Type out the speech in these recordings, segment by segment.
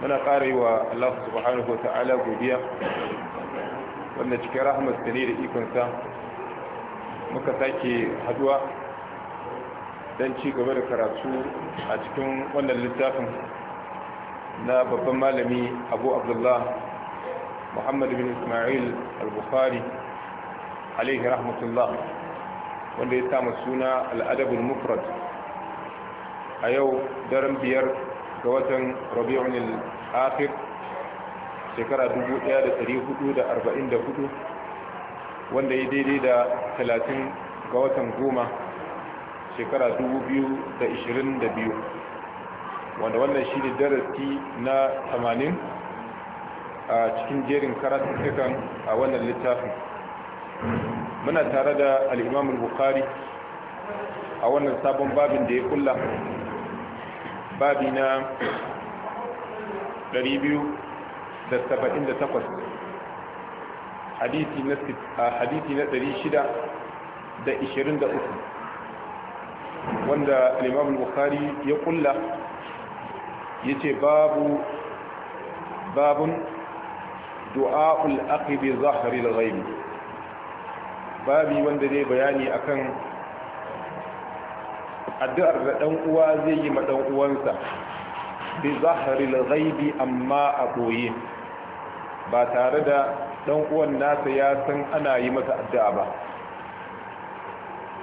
muna ƙara yi wa Allah subhanahu wa ta'ala godiya wanda cikin rahmat ne da ikonsa muka sake haduwa don ci gaba da karatu a cikin wannan littafin na babban malami abu abdullah muhammad bin ismail al-bukhari alaihi rahmatullah wanda ya samu suna al'adabul mufrad a yau daren biyar ga watan rabi'un al-akhir shekara 1444 wanda ya daidai da 30 ga watan goma shekara 2022 wanda wannan shi ne darasi na 80 a cikin jerin karatun a wannan littafin muna tare da al'imamul bukari a wannan sabon babin da ya kulla babi na 278 hadithi na 623 wanda imam bukhari ya kulla ya ce babu babun du'a'ul aqi bi zahri al-ghaib babi wanda zai bayani akan addu'ar da dan uwa zai yi ma dan uwansa bi zahril ghaibi amma a boye ba tare da dan uwan nasa ya san ana yi masa addu'a ba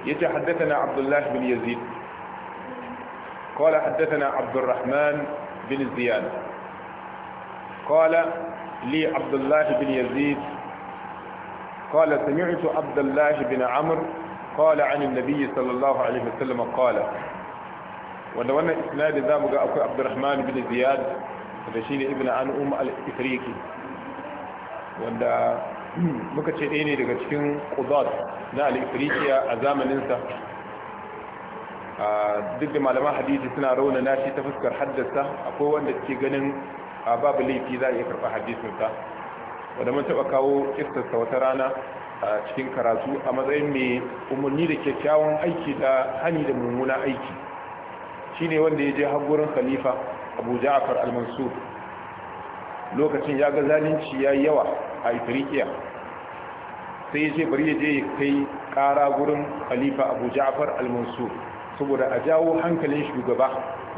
yace haddathana abdullahi bin yazid qala haddathana abdurrahman bin ziyad qala li abdullah bin yazid قال سمعت عبد الله بن عمرو qala an annabi sallallahu alaihi wasallam qala wanda wannan isnadi zamu ga akwai Abdurrahman bin Ziyad da shine ibnu An'um al-Ifriqi wanda muka ce ɗaya ne daga cikin qudat na al-Ifriqiya a zamaninsa duk da malaman hadisi suna rauna nashi ta fuskar haddasa akwai wanda ke ganin babu laifi za a iya karɓar hadisinsa wanda mun taɓa kawo kistarsa wata rana a cikin karatu a matsayin mai umarni da kyakkyawan aiki da hani da mummuna aiki shi ne wanda ya je hagurin khalifa abu ja'afar al-mansur lokacin ya ga zalunci ya yi yawa a ifirikiya sai ya ce bari ya je ya kai kara gurin khalifa abu ja'afar al-mansur saboda a jawo hankalin shugaba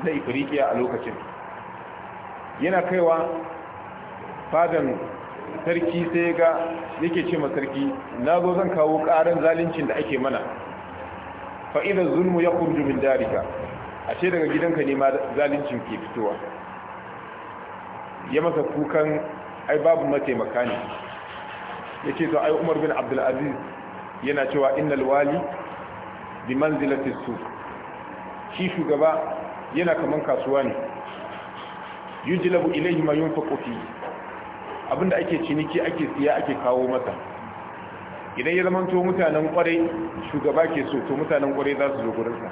na ifirikiya a lokacin yana kaiwa fadan sarki sai ga yake ce ma sarki na zo zan kawo ƙarin zalincin da ake mana Fa'idar zulmu ya kurju min darika ashe daga gidanka ne ma zalincin ke fitowa ya masa kukan ai babu mataimaka ne ya ce to ai umar bin abdulaziz yana cewa innal wali bi manzilati su shi shugaba yana kaman kasuwa ne yujlabu ilayhi ma yunfaqu fihi abinda ake ciniki ake siya ake kawo masa idan ya zama to mutanen kwarai shugaba ke so to mutanen kwarai za su zo gurinsa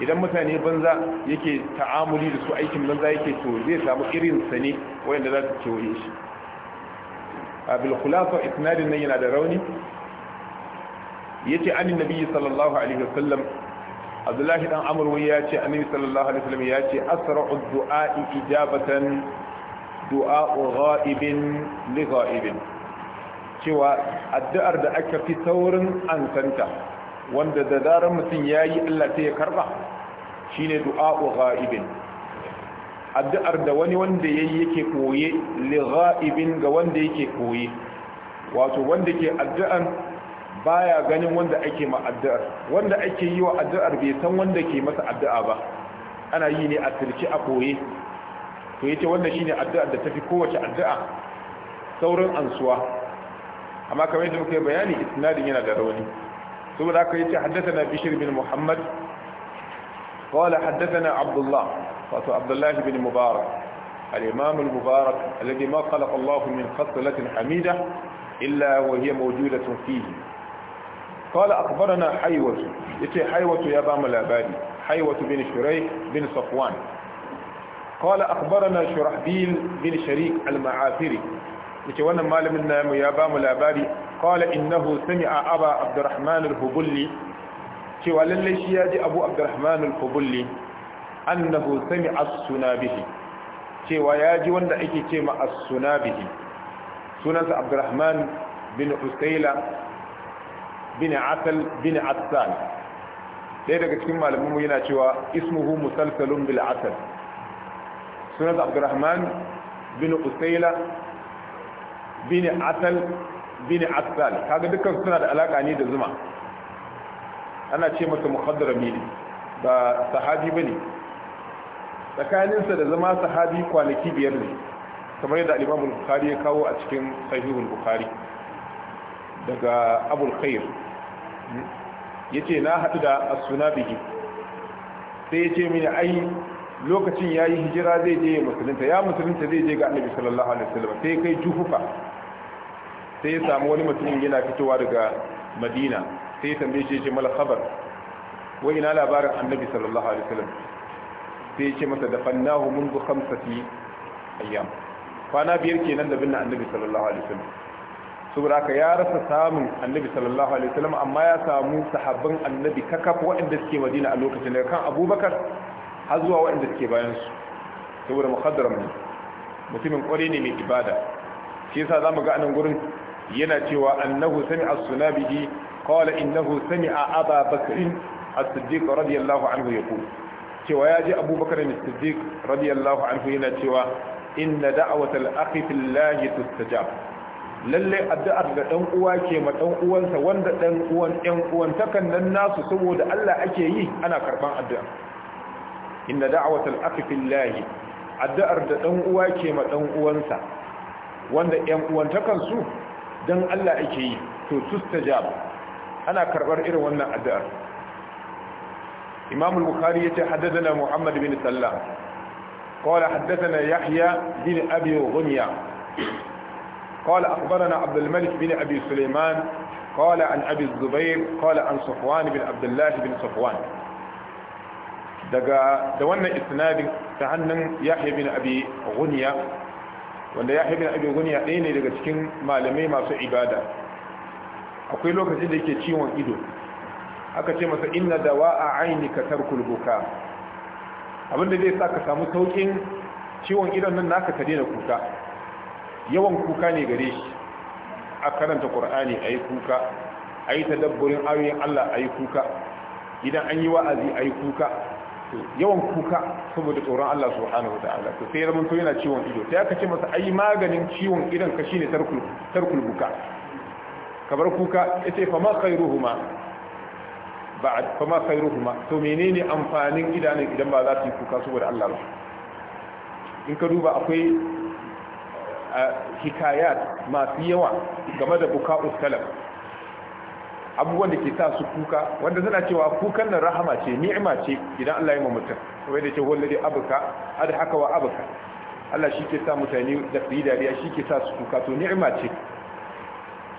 idan mutane banza yake ta'amuli da su aikin banza yake to zai samu irin sa ne wayanda za su kewaye shi abil khulafa isnadin nan yana da rauni yace an nabi sallallahu alaihi wasallam abdullahi dan amr wai yace annabi sallallahu alaihi wasallam yace asra'u du'a ijabatan du'a ghaibin li ghaibin cewa addu'ar da aka fi saurin ansanta wanda da zarar mutum yayi Allah sai ya karba shine du'a ghaibin addu'ar da wani wanda yayi yake koye li ghaibin ga wanda yake koye wato wanda ke addu'an baya ganin wanda ake ma addu'ar wanda ake yi wa addu'ar bai san wanda ke masa addu'a ba ana yi ne a sirki a koye to yace wannan shine addu'ar da tafi kowace addu'a saurin ansuwa amma kamar yadda muke bayani isnadin yana da rauni saboda haka yace haddathana bishr bin muhammad qala haddathana abdullah wato abdullah bin mubarak al-imam al-mubarak alladhi ma khalaqa Allah min khaslatin hamida illa wa hiya mawjudatun fihi قال أخبرنا حيوة يتي ya ba mu الأبادي حيوة bin شريح bin safwan. قال أخبرنا شرحبيل بن شريك المعافري yake wannan malamin namu ya bamu labari qala innahu sami'a aba abdurrahman al-hubulli cewa lalle shi ya ji abu abdurrahman al-hubulli annahu sami'a as-sunabihi cewa ya ji wanda ake ce ma as-sunabihi sunansa abdurrahman bin usayla bin atal daga cikin malamin mu yana cewa ismuhu musalsalun bil sunan abdurrahman bin usaila bin asal asal kaga dukkan suna da alaka ne da zuma ana ce masa muhaddarami ne ba sahabi bane tsakaninsa da zama sahabi kwanaki biyar ne kamar yadda al-Imam bukhari ya kawo a cikin Sahihul bukhari daga Abul Khair yace na hadu da As-Sunabi sai yace mini ai lokacin ya yi hijira zai je musulunta ya musulunta zai je ga annabi sallallahu alaihi wasallam sai kai juhufa sai ya samu wani mutumin yana fitowa daga madina sai ya tambaye shi ya ce mala khabar wa ina labarin annabi sallallahu alaihi wasallam sai ya ce masa da fannahu mundu khamsati ayyam kwana biyar kenan da binne annabi sallallahu alaihi wasallam saboda haka ya rasa samun annabi sallallahu alaihi wasallam amma ya samu sahabban annabi kakaf waɗanda suke madina a lokacin daga kan abubakar har zuwa waɗanda suke bayan su saboda muhaddaram mu mutumin ƙware ne mai ibada shi yasa zamu ga anan gurin yana cewa annahu sami'a sunabihi qala innahu a aba bakrin as-siddiq radiyallahu anhu yaqul cewa ya ji abubakar ne siddiq radiyallahu anhu yana cewa inna da'watal akhi fillahi tustajab lalle addu'ar da dan uwa ke ma dan uwansa wanda dan uwan ɗan uwan takan nan nasu saboda Allah ake yi ana karban addu'a inna da'watal akhi fillahi addu'ar da dan uwa ke ma dan uwansa wanda ƴan uwantakan su dan Allah ake yi to tustajab ana karbar irin wannan addu'ar Imam al-Bukhari yace haddathana Muhammad bin Sallam qala haddathana Yahya bin Abi Ghunya قال أخبرنا عبد الملك بن أبي سليمان قال عن أبي الزبير قال عن صفوان بن عبد الله بن صفوان daga da wannan isnadin ta hannun yahya bin abi ghunya wanda yahya bin abi ghunya ɗaya ne daga cikin malamai masu ibada akwai lokacin da yake ciwon ido aka ce masa inna dawa'a ka tarkul buka abinda zai sa ka samu saukin ciwon idon nan naka ka daina kuka yawan kuka ne gare shi a karanta qur'ani ayi kuka ayi tadabburin ayoyin Allah ayi kuka idan an yi wa'azi ayi kuka yawan kuka saboda tsoron Allah subhanahu wataala to sai zaman to yana ciwon ido sai aka ce masa ai maganin ciwon idon ka shine tarkul tarkul buka kabar kuka yace fa ma khairuhuma ba'd fa ma khairuhuma to menene amfanin idanun idan ba za su yi kuka saboda Allah ba in ka duba akwai eh, hikayat masu yawa game da buka salaf abubuwan da ke sa su kuka wanda suna cewa kukan nan rahama ce ni'ima ce idan Allah ya yi mutum kamar da wanda dai abuka haka wa abuka Allah shi ke sa mutane da su yi dariya shi ke sa su kuka to ni'ima ce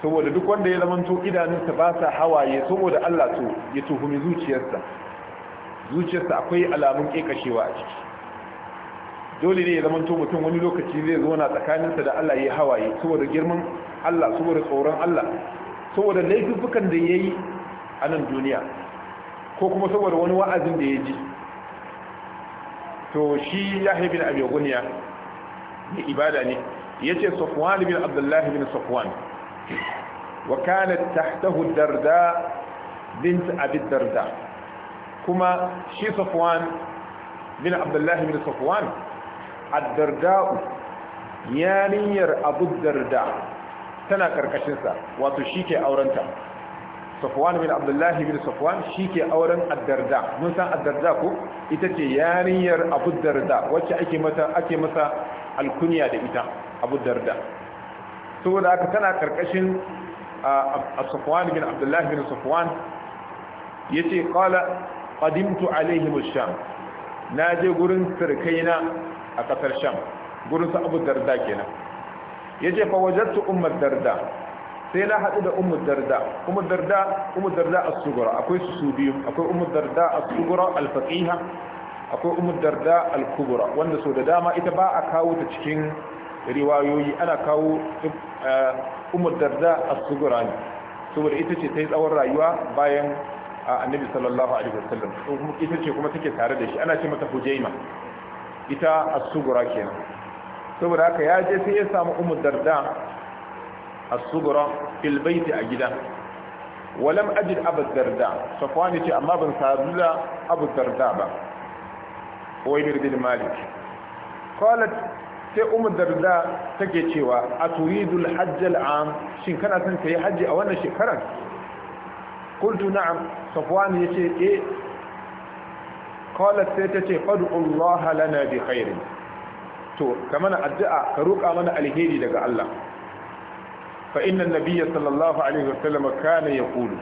saboda duk wanda ya zamanto idanunsa ba sa hawaye saboda Allah to ya tuhumi zuciyarsa zuciyarsa akwai alamun kekashewa a ciki dole ne ya zamanto mutum wani lokaci zai zo na tsakaninsa da Allah ya hawaye saboda girman Allah saboda tsoron Allah saboda laifukan da ya yi a nan duniya ko kuma saboda wani wa'azin da ya ji to shi ya haifin abu guniya da ibada ne ya ce safwan bin abdullahi bin safwan wa kanat tahtahu darda bint abi darda kuma shi safwan bin abdullahi bin safwan ad-darda'u yariyar abu darda tana karkashinsa wato shi ke aurenta safwan bin abdullahi bin safwan shi ke auren addarda mun san addarda ko ita ce yarinyar abu darda wacce ake mata ake masa alkunya da ita abu darda saboda aka tana karkashin safwan bin abdullahi bin safwan yace qala qadimtu alaihim musham na naje gurin sirkaina a kasar sham gurin su abu darda kenan ce fa su umar darda sai na haɗu da umar darda Umar darda ummu darda a sughra akwai su biyu akwai umar darda a sugura al akwai umar darda alkubura wanda so da dama ita ba a kawo ta cikin riwayoyi ana kawo eh, umar darda a sugura ne saboda ita ce ta yi tsawon rayuwa bayan annabi sallallahu alaihi wasallam ita ce kuma take tare da shi ana ce mata hujaima ita a sugura kenan saboda haka ya je sai ya samu Umar darda a sughra fil a gida walam ajid abu darda safwan ce, amma ban sadu da abu darda ba uwaymir bin malik qalat sai Umar darda take cewa a al-hajj al-am shin kana son yi haji a wannan shekarar qultu na'am ya ce eh qalat sai tace fad'u Allah lana bi khairin to ka mana addu'a ka roƙa mana alheri daga Allah fa inna nabiyya sallallahu alaihi wasallam kana yaqulu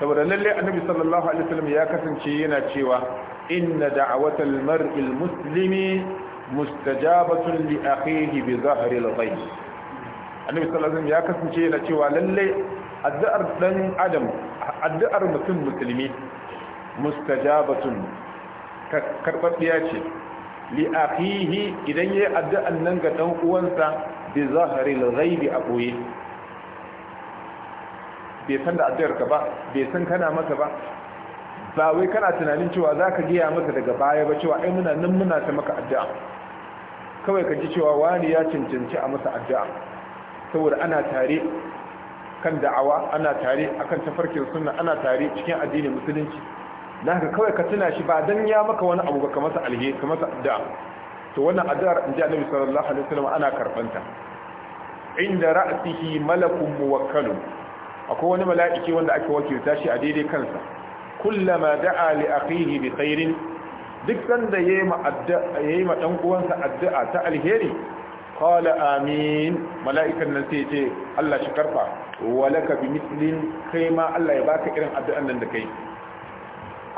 saboda lalle annabi sallallahu alaihi wasallam ya kasance yana cewa inna da'awatal mar'il muslimi mustajabatun li akhihi bi zahri al-ghayb annabi sallallahu alaihi wasallam ya kasance yana cewa lalle addu'ar dan adam addu'ar mutum musulmi mustajabatun karɓaɓɓiya ce li akhihi idan yayi addu'an nan ga dan uwansa bi zahril ghaibi a boye bai san da addu'ar ka ba bai san kana masa ba ba wai kana tunanin cewa zaka giya masa daga baya ba cewa ai muna nan muna ta maka addu'a kawai ka ji cewa wani ya cancanci a masa addu'a saboda ana tare kan da'awa ana tare akan tafarkin sunna ana tare cikin addinin musulunci da haka kawai ka tuna shi ba dan ya maka wani abu ba ka masa alhe ka masa addu'a to wannan addu'ar inji annabi sallallahu alaihi wasallam ana karbanta inda ra'sihi malakun muwakkalun akwai wani mala'iki wanda ake wakilta shi a daidai kansa kullama da'a li akhihi bi khairin duk sanda yayi ma addu'a yayi ma dan uwansa addu'a ta alheri qala amin mala'ikan nan sai ce Allah shi karfa walaka bi mithlin kai ma Allah ya baka irin addu'an nan da kai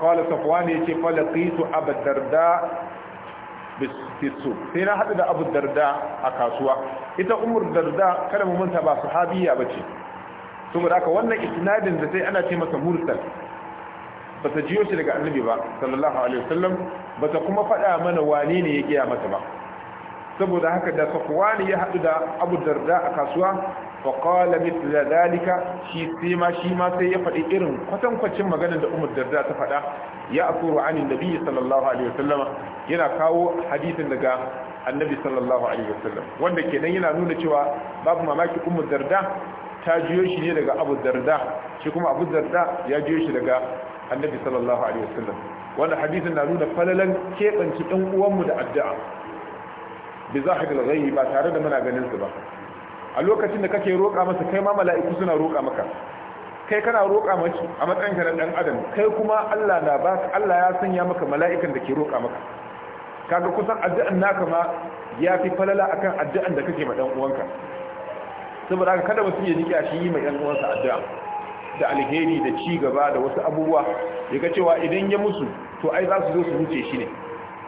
qala safwan yace fa laqitu abu darda bisu sai na hadu da abu darda a kasuwa ita umar darda kada mu manta ba su Habiya ba ce. saboda haka wannan isnadin da sai ana ce masa mursal ba ta jiyo shi daga annabi ba sallallahu alaihi wasallam ba ta kuma faɗa mana wane ne ya giya mata ba saboda haka da safwani ya haɗu da abu darda a kasuwa faƙala mitla dalika shi sai shi ma sai ya faɗi irin kwatankwacin maganar da umar darda ta faɗa ya asuru anin nabi sallallahu alaihi wasallam yana kawo hadisin daga annabi sallallahu alaihi wasallam wanda kenan yana nuna cewa babu mamaki umar darda ta jiyo shi ne daga abu darda shi kuma abu darda ya jiyo shi daga annabi sallallahu alaihi wasallam wanda hadisin na nuna falalan keɓance ɗan uwanmu da addu'a bi zahiril ghaibi ba tare da muna ganin su ba a lokacin da kake roƙa masa kai ma mala'iku suna roƙa maka kai kana roƙa mashi a matsayin ka na dan adam kai kuma Allah na ba Allah ya sanya maka mala'ikan da ke roƙa maka kaga kusan addu'an naka ma ya fi falala akan addu'an da kake ma dan uwanka saboda haka kada mutum ya jiki shi yi mai dan uwansa addu'a da alheri da ci gaba da wasu abubuwa ya ga cewa idan ya musu to ai za su zo su huce shi ne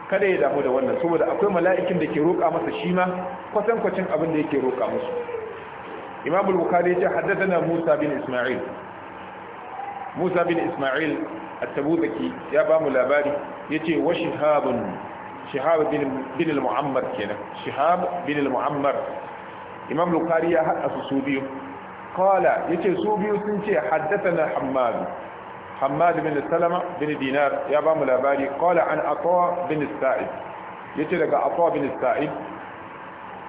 kada ya damu da wannan saboda akwai mala'ikin da ke roƙa masa shi ma kwatankwacin abin da yake roƙa musu imam al-bukhari ya ce haddathana musa bin isma'il musa bin isma'il at-tabuzaki ya ba labari yace wa shihabun bin al kenan shihab bin al-mu'ammar imam ya hada su su biyu qala yace su biyu sun ce haddathana hammad hammad bin salama bin dinar ya bamu labari an ata bin yace daga ata bin sa'id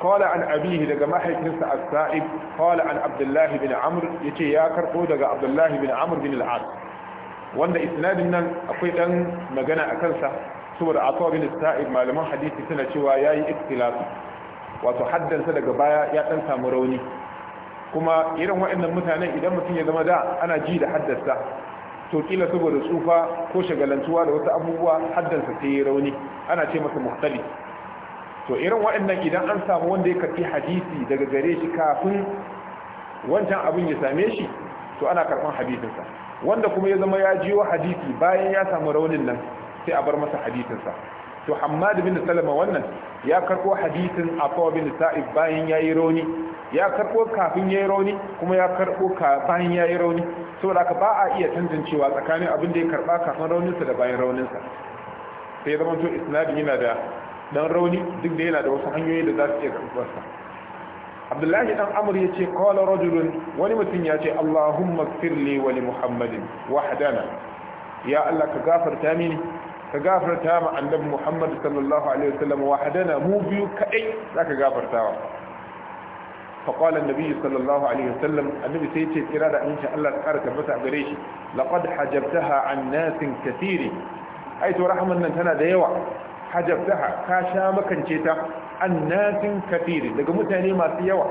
qala an abihi daga mahaifinsa as-sa'ib qala an abdullah bin amr yace ya karbo daga Abdullahi bin amr bin al wanda isnadin nan akwai ɗan magana a kansa saboda atwa bin sa'ib malaman hadisi suna cewa yayi ikhtilaf wato haddansa daga baya ya dan samu rauni kuma irin waɗannan mutanen idan mutum ya zama da ana ji da haddasa to kila saboda tsufa ko shagalantuwa da wasu abubuwa haddansa sai ya rauni ana ce masa muhtali to irin waɗannan idan an samu wanda ya karfi hadisi daga gare shi kafin wancan abin ya same shi to ana karɓar hadisinsa wanda kuma ya zama ya jiyo hadisi bayan ya samu raunin nan sai a bar masa hadisinsa to hamadu bin salama wannan ya karɓo hadisin a kowa bin sa'id bayan ya yi rauni ya karɓo kafin ya yi rauni kuma ya karɓo bayan ya yi rauni saboda aka ba a iya cewa tsakanin abin da ya karɓa kafin rauninsa da bayan rauninsa sai ya zama to isnadi yana da dan rauni duk da yana da wasu hanyoyin da za su iya karɓarsa abdullahi dan amur ya ce kawala rajulun wani mutum ya ce allahumma firli wa li muhammadin wahdana ya allah ka gafarta mini ka gafarta ma annabi muhammad sallallahu alaihi wasallam wahdana mu biyu kadai zaka gafartawa فقال النبي صلى الله عليه وسلم النبي سيتي إرادة إن شاء الله تقارك فتح قريش لقد حجبتها عن ناس كثير أي ترحم أن تنا ديوة hajabtaha ka sha makance ta annatin kafiri daga mutane masu yawa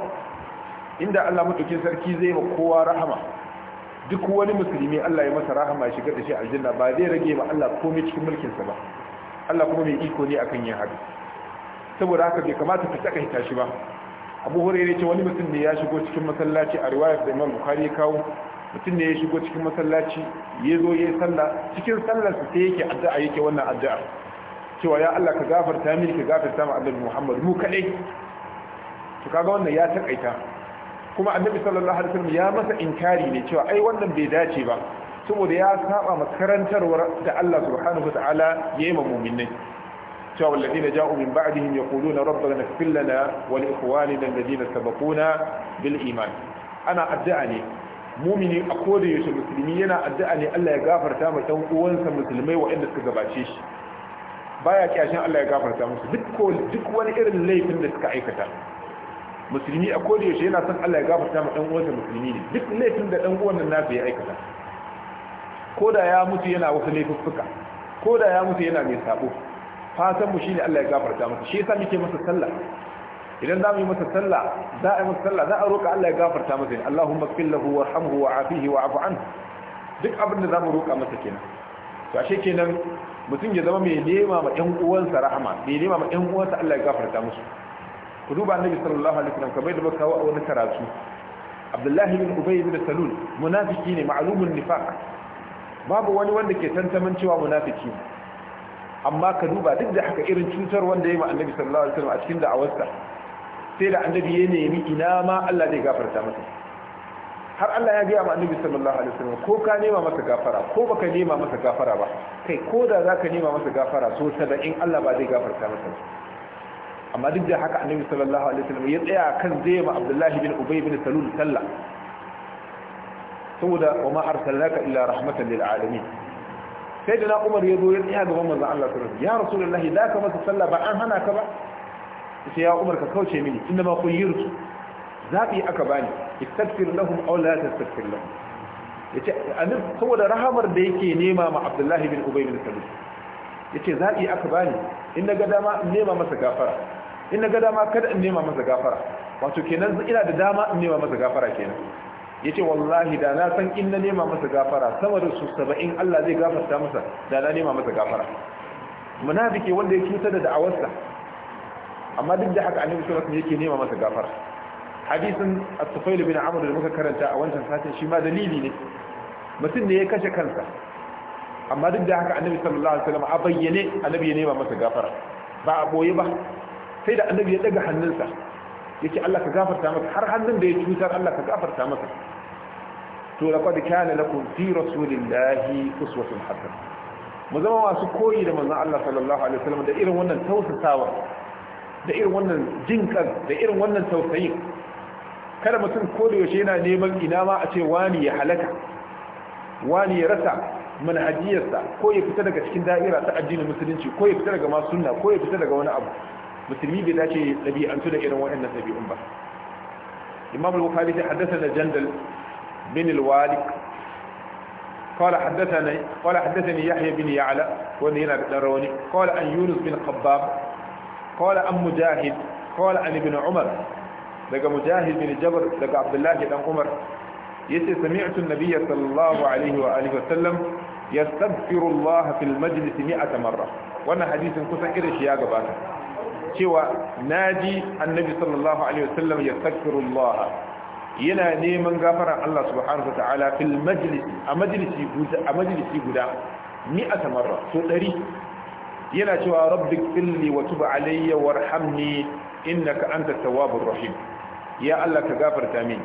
inda Allah mutukin sarki zai ma kowa rahama duk wani musulmi Allah ya masa rahama ya shiga da shi aljanna ba zai rage ma Allah komai cikin mulkin sa ba Allah kuma mai iko ne akan yin haka saboda haka bai kamata ka hita shi ba abu ya ce wani mutum ne ya shigo cikin masallaci a riwayar da imam bukhari ya kawo mutum ne ya shigo cikin masallaci ya zo ya yi sallah cikin sallarsa sai yake addu'a yake wannan addu'a cewa ya Allah ka gafarta mini ka gafarta ma annabi Muhammad mu kadai to kaga wannan ya takaita kuma annabi sallallahu alaihi wasallam ya masa inkari ne cewa ai wannan bai dace ba saboda ya saba makarantarwar da Allah subhanahu wataala yayi ma mu'minai cewa walladina ja'u min ba'dihim yaquluna rabbana ighfir lana wa li ikhwanina alladhina sabaquna bil iman ana addu'a ne mumini a koda yaushe musulmi yana addu'a ne Allah ya gafarta ma dan uwansa musulmai waɗanda suka gabace shi baya shan Allah ya gafarta musu duk duk wani irin laifin da suka aikata musulmi a koda yaushe yana son Allah ya gafarta ma dan uwansa musulmi ne duk laifin da dan uwan nan nasa ya aikata koda ya mutu yana wasu laifuffuka koda ya mutu yana mai sabo fatan mu shine Allah ya gafarta masa shi yasa muke masa sallah idan za mu yi masa sallah za a yi masa sallah za a roƙa Allah ya gafarta masa ne Allahumma ighfir lahu warhamhu wa'afihi wa'fu anhu duk abin da za mu roƙa masa kenan to ashe kenan mutum ya zama mai nema ma ƴan uwansa rahama mai nema ma ƴan uwansa Allah ya gafarta musu ku duba annabi sallallahu alaihi wasallam kamar da muka kawo a wani karatu Abdullahi bin Ubay bin Salul munafiki ne ma'lumun nifaq babu wani wanda ke tantaman cewa munafiki amma ka duba duk da haka irin cutar wanda ya ma annabi sallallahu alaihi wasallam a cikin da'awarsa sai da annabi ya nemi ina ma Allah zai gafarta masa har Allah ya gaya ma annabi sallallahu alaihi wasallam ko ka nema masa gafara ko baka nema masa gafara ba kai ko da zaka nema masa gafara so sada in Allah ba zai gafarta masa amma duk da haka annabi sallallahu alaihi wasallam ya tsaya kan zai ma Abdullahi bin Ubay bin Salul sallah saboda wa ma arsalnaka illa rahmatan lil alamin sai da na Umar ya zo ya tsaya gaban manzon Allah sallallahu alaihi wasallam ya rasulullahi da ka masa sallah ba an hana ka ba sai ya Umar ka kauce mini inda ma kuyyirtu zaɓi aka bani istagfir lahum aw la tastagfir lahum yace anin saboda rahamar da yake nema ma Abdullahi bin Ubay bin Salul yace zaɓi aka bani in na ga dama in nema masa gafara in na ga dama kada in nema masa gafara wato kenan ina da dama in nema masa gafara kenan yace wallahi da na san in na nema masa gafara sama da su 70 Allah zai gafarta masa da na nema masa gafara munafiki wanda ya cutar da da'awarsa amma duk da haka annabi sallallahu alaihi wasallam yake nema masa gafara hadisin at-tufail bin amr da muka karanta a wancan satin shi ma dalili ne mutum ne ya kashe kansa amma duk da haka annabi sallallahu alaihi wasallam a bayyane annabi ya nema masa gafara ba a boye ba sai da annabi ya daga hannunsa yake Allah ka gafarta masa har hannun da ya cutar Allah ka gafarta masa to laqad kana lakum fi rasulillahi uswatun hasana mu zama masu koyi da manzon Allah sallallahu alaihi wasallam da irin wannan tausasawa da irin wannan jinkan da irin wannan tausayin kada mutum ko da yaushe yana neman ina ma a ce wani ya halaka wani ya rasa manhajiyarsa ko ya fita daga cikin da'ira ta addinin musulunci ko ya fita daga ma sunna ko ya fita daga wani abu musulmi bai dace ɗabi'antu da irin waɗannan ɗabi'un ba imam al-bukhari ta haddasa da jandal bin al haddathana qala haddathani yahya bin ya'la wa يعلى da الدروني qala an yunus bin qabbab qala an mujahid qala an bin umar. daga mujahid bin jabr daga abdullahi dan umar yace sami'tu an-nabiy sallallahu alaihi wa alihi wa sallam yastaghfiru Allah fil majlis 100 marra wannan hadisin kusan irin shi ya gabata cewa naji annabi sallallahu alaihi wa sallam yastaghfiru Allah yana neman gafaran Allah subhanahu wa ta'ala fil majlis a majlisi guda a majlisi guda 100 marra so 100 yana cewa rabbi qilli wa tub alayya warhamni innaka antat tawwabur rahim ya Allah ka gafarta min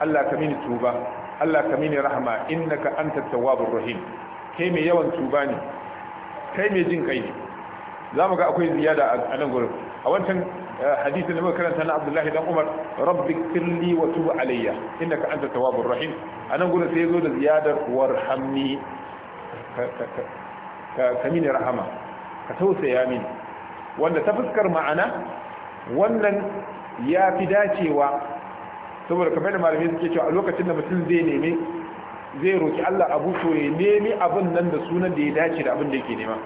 Allah ka mini tuba Allah ka mini rahma innaka antat tawwabur rahim kai mai yawan tuba ne kai mai jin kai Za mu ga akwai ziyada a nan gurin a wancan eh, hadisin na muka karanta na Abdullahi dan Umar rabbi kirli wa tub alayya innaka antat tawwabur rahim a nan gurin sai zo da ziyadar warhamni ka mini rahama ka tausaya mini wanda ta fuskar ma'ana wannan ya fi dacewa saboda kamar da malamai suke cewa a lokacin da mutum zai nemi zai roki Allah abu to ya nemi abin nan da sunan da ya dace da abin da yake nema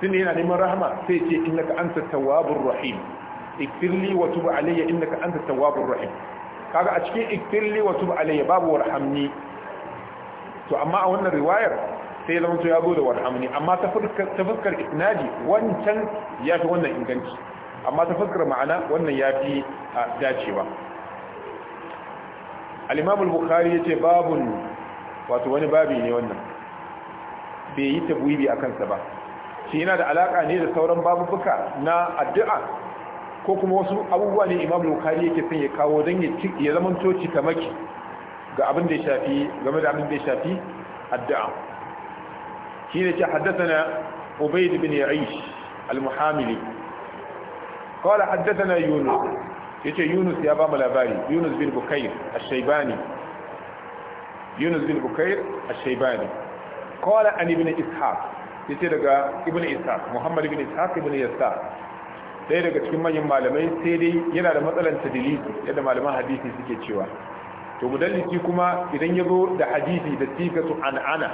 tunda yana neman rahama sai ce innaka anta tawwabur rahim ikfirli wa tub alayya innaka anta tawwabur rahim kaga a cikin ikfirli wa tub alayya babu warhamni to amma a wannan riwayar sai zama to ya zo da warhamni amma ta fuskar ta fuskar isnadi wancan ya fi wannan inganci amma ta fuskar ma'ana wannan ya fi dacewa al'imamul bukari ya bukhari babun wato wani babi ne wannan bai yi tabwibi a kansa ba shi yana da alaka ne da sauran babubuka na addu'a ko kuma wasu abubuwa ne imam al yake son ya kawo don ya zama ta maki ga abin da ya shafi game da abin da ya shafi addu'a shi ne ce haddasa na obaid bin ya'ish al-muhamili قال حدثنا يونس يتي يونس يا بابا لاباري يونس بن بكير الشيباني يونس بن بكير الشيباني قال عن ابن اسحاق يتي دغا ابن اسحاق محمد بن اسحاق ابن يسار ɗaya daga cikin manyan malamai sai dai yana da matsalan tadilisi yadda malaman hadisi suke cewa to mudallisi kuma idan ya zo da hadisi da sigatu an'ana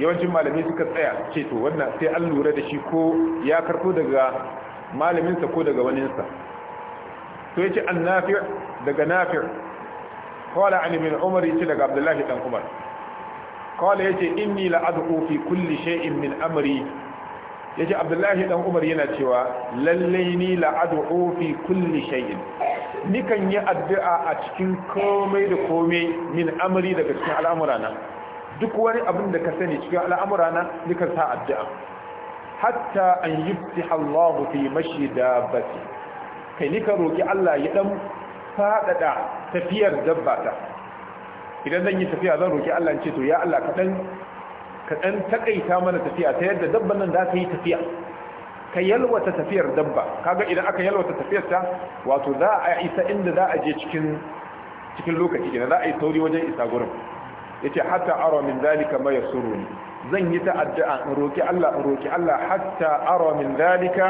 yawancin malamai suka tsaya ce to wannan sai an lura da shi ko ya karto daga malaminsa ko daga waninsa to yace an daga nafi qala ani min umar yace daga abdullahi dan umar qala yace inni la ad'u fi kulli shay'in min amri yace abdullahi dan umar yana cewa lalle ni la ad'u fi kulli shay'in nikan yi addu'a a cikin komai da komai min amri daga cikin al'amurana duk wani abin da ka sani cikin al'amurana nikan sa addu'a hatta an yi Allah fi mashi dabbati kai ni ka roki Allah ya dan tafiyar dabbata idan zan yi tafiya zan roki Allah ce to ya Allah ka takaita mana tafiya ta yadda dabban nan za ta yi tafiya ka yalwata tafiyar dabba kaga idan aka yalwata tafiyar ta wato za a isa inda za a je cikin cikin lokaci kenan za a yi sauri wajen isa gurin yace hatta ara min dalika ma yasuruni zan yi ta addu'a in roki Allah in roki Allah hatta ara min dalika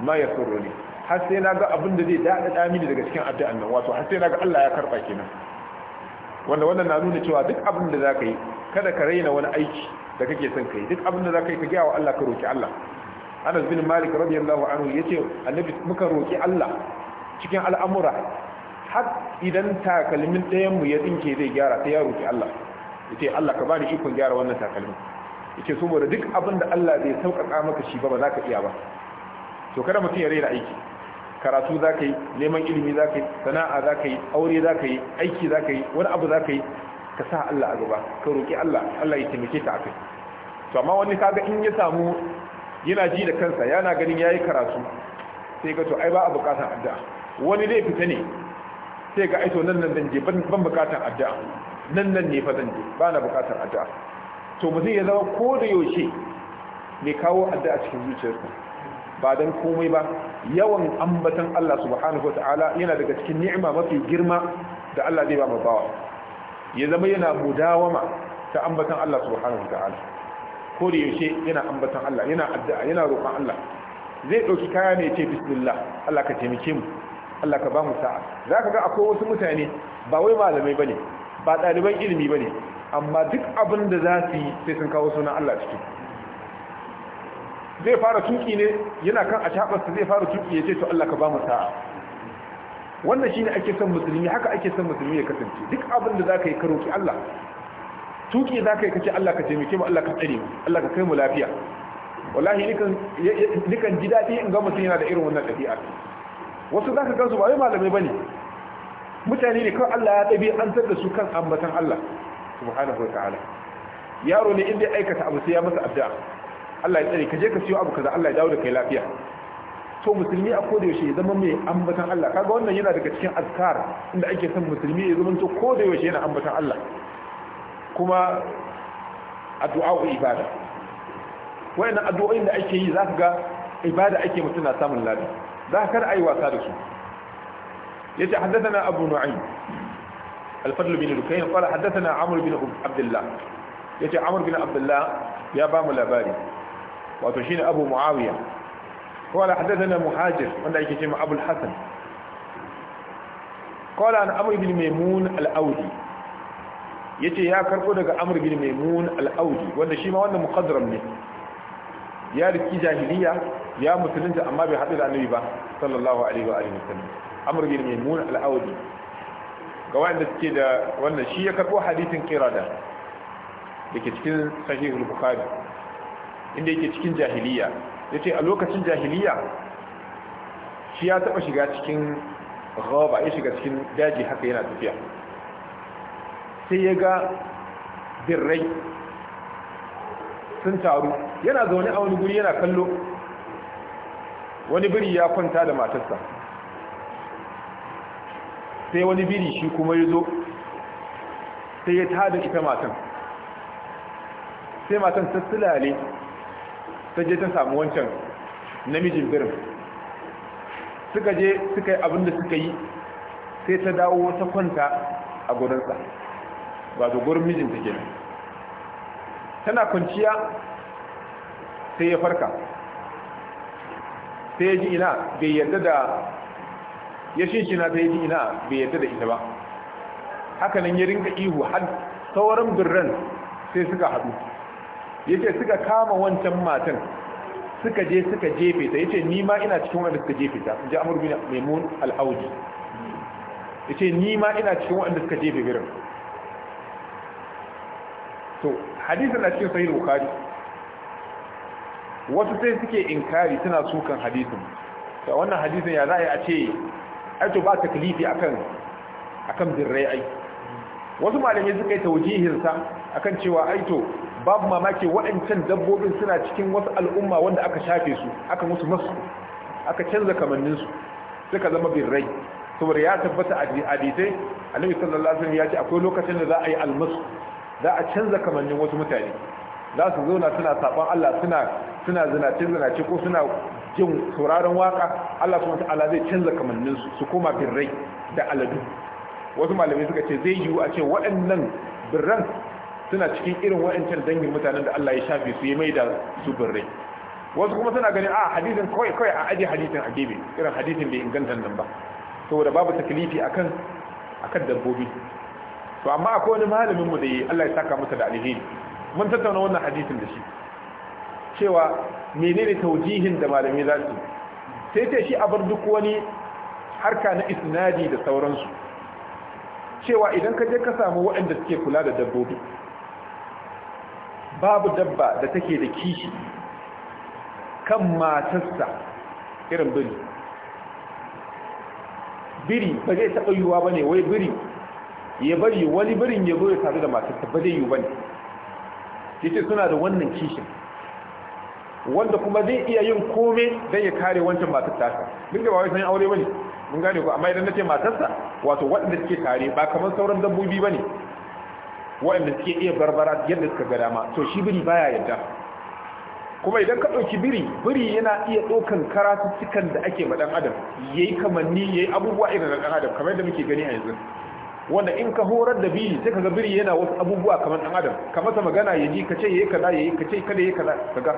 ma yasuruni har sai ga abin da zai dada da mini daga cikin addu'an nan wato har sai na ga Allah ya karba kenan wanda wannan na nuna cewa duk abin da zaka yi kada ka raina wani aiki da kake son kai duk abin da zaka yi ka gaya wa Allah ka roki Allah Anas bin Malik radiyallahu anhu yace annabi muka roki Allah cikin al'amura har idan takalmin ɗayan mu ya dinke zai gyara sai ya roki Allah yace Allah ka bani ikon gyara wannan takalmin. yace saboda duk abin da Allah zai saukaka maka shi ba ba za ka iya ba to kada mutum ya raina aiki karatu za ka yi neman ilimi za ka yi sana'a za ka yi aure za ka yi aiki za ka yi wani abu za ka yi ka sa Allah a gaba ka roƙi Allah Allah ya taimake ka akai to amma wani kaga in ya samu yana ji da kansa yana ganin yayi karatu sai ka to ai ba a bukatar addu'a wani zai fita ne sai ga aito nan nan dan je ban bukatan addu'a nan nan ne fa zan je ba na bukatar addu'a to mutum ya zama ko da yaushe mai kawo addu'a cikin zuciyarsa ba dan komai ba yawan ambatan Allah subhanahu wataala yana daga cikin ni'ima mafi girma da Allah zai ba mu bawa ya zama yana mudawama ta ambatan Allah subhanahu wataala ko da yaushe yana ambatan Allah yana addu'a yana roƙon Allah zai ɗauki kaya ne ce bismillah Allah ka taimake mu Allah ka ba mu sa'a zaka ga akwai wasu mutane ba wai malamai bane ba ɗaliban ilimi ba ne amma duk abin da za su yi sai sun kawo sunan Allah cikin zai fara tuki ne yana kan a shaɓarsa zai fara tuki ya ce to Allah ka ba mu sa'a wannan shi ne ake son musulmi haka ake son musulmi ya kasance duk abin da za ka yi ka roƙi Allah tuki za ka yi kace Allah ka taimake mu Allah ka tsare mu Allah ka kai mu lafiya wallahi nikan nikan ji daɗi in ga mutum yana da irin wannan ɗabi'a wasu za ka gansu ba wai malamai ba ne mutane ne kawai Allah ya ɗabi an da su kan ambatan Allah subhanahu wa ta'ala yaro ne inda ya aikata abu sai ya masa addu'a Allah ya tsare ka je ka siyo abu kaza Allah ya dawo da kai lafiya to musulmi a koda yaushe ya zama mai ambatan Allah kaga wannan yana daga cikin azkar inda ake son musulmi ya zama to koda yaushe yana ambatan Allah kuma addu'a ko ibada wayannan addu'o'in da ake yi zaka ga ibada ake mutuna samun lafiya zaka kar ayi wasa da su yace haddathana abu nu'aym al-fadl bin rukayn qala haddathana amr bin abdullah yace amr bin abdullah ya ba labari wato shine abu muawiya qala haddathana muhajir wanda yake cewa abu al-hasan an amr bin yace ya karɓo daga amr bin maimun al wanda shi ma wannan muqaddram ne ya riki jahiliya ya musulunta amma bai haɗu da annabi ba sallallahu alaihi wa alihi amr bin maimun al-audi ga wanda suke da wannan shi ya karbo hadithin qirada dake cikin sahih al-bukhari inda yake cikin jahiliya yace a lokacin jahiliya shi ya taba shiga cikin ghaba ya shiga cikin daji haka yana tafiya sai ya ga birrai sun taru yana zaune a wani guri yana kallo wani biri ya kwanta da matarsa sai wani biri shi kuma ya zo sai ya tada ita matan sai matan ta tsilale ta je ta samu wancan namijin birin suka je suka yi abinda suka yi sai ta dawo ta kwanta a gudunsa, ba da gurin mijinta ke tana kwanciya sai ya farka sai ya ji ina bai yarda da ya shinshina ta yi ina bai yadda da ita ba haka nan ya rinka ihu har sauran birran sai suka haɗu ce suka kama wancan matan suka je suka jefe ta ce ni ma ina cikin wanda suka jefe ta ji amur bin Maimun al'audi ya ce ni ma ina cikin wanda suka jefe birin to hadisin na cikin sahih Bukhari wasu sai suke inkari suna sukan hadisin to wannan hadisin ya za a ce aito ba taklifi akan akan birrai ai wasu malamai suka yi sa akan cewa aito babu mamaki waɗancan dabbobin suna cikin wasu al'umma wanda aka shafe su aka musu masu aka canza su suka zama birrai saboda ya tabbata a hadisai annabi sallallahu alaihi wasallam ya ce akwai lokacin da za a yi almasu za a canza kamannin wasu mutane za su zauna suna saban Allah suna suna zinace zinace ko suna jin sauraron waka Allah subhanahu wataala zai canza kamannin su koma birrai da aladu wasu malamai suka ce zai yiwu a ce waɗannan birran suna cikin irin waɗancan dangin mutanen da Allah ya shafe su ya mai da su birrai wasu kuma suna ganin a ah, hadisin kawai kawai a aje hadisin a gebe irin hadisin bai inganta nan ba saboda babu taklifi akan akan dabbobi to amma akwai wani malamin mu da Allah ya saka masa da alheri mun tattauna wannan hadisin da shi cewa menene taujihin da malami za su sai ce shi a bar duk wani harka na isnadi da sauransu cewa idan ka je ka samu waɗanda suke kula da dabbobi babu dabba da take da kishi kan matarsa irin biri biri ba zai taɓa yiwuwa ba ne wai biri ya bari wani birin ya zo ya sadu da matarsa ba zai yiwu ba ne suna da wannan kishin wanda kuma zai iya yin kome don ya kare wancan matar tasa duk da ba sanin aure bane mun gane ku amma idan nace matarsa wato waɗanda suke tare ba kamar sauran dabbobi bane waɗanda suke iya barbara yadda suka ga dama to shi biri baya yadda kuma idan ka ɗauki biri biri yana iya ɗaukan karatuttukan da ake ma ɗan adam yi kamanni ya yi abubuwa irin ɗan adam kamar yadda muke gani a yanzu wanda in ka horar da biri sai kaga biri yana wasu abubuwa kamar ɗan adam ka masa magana ya ji ka ce ya yayi kaza yi ka ce kada yayi kaza ga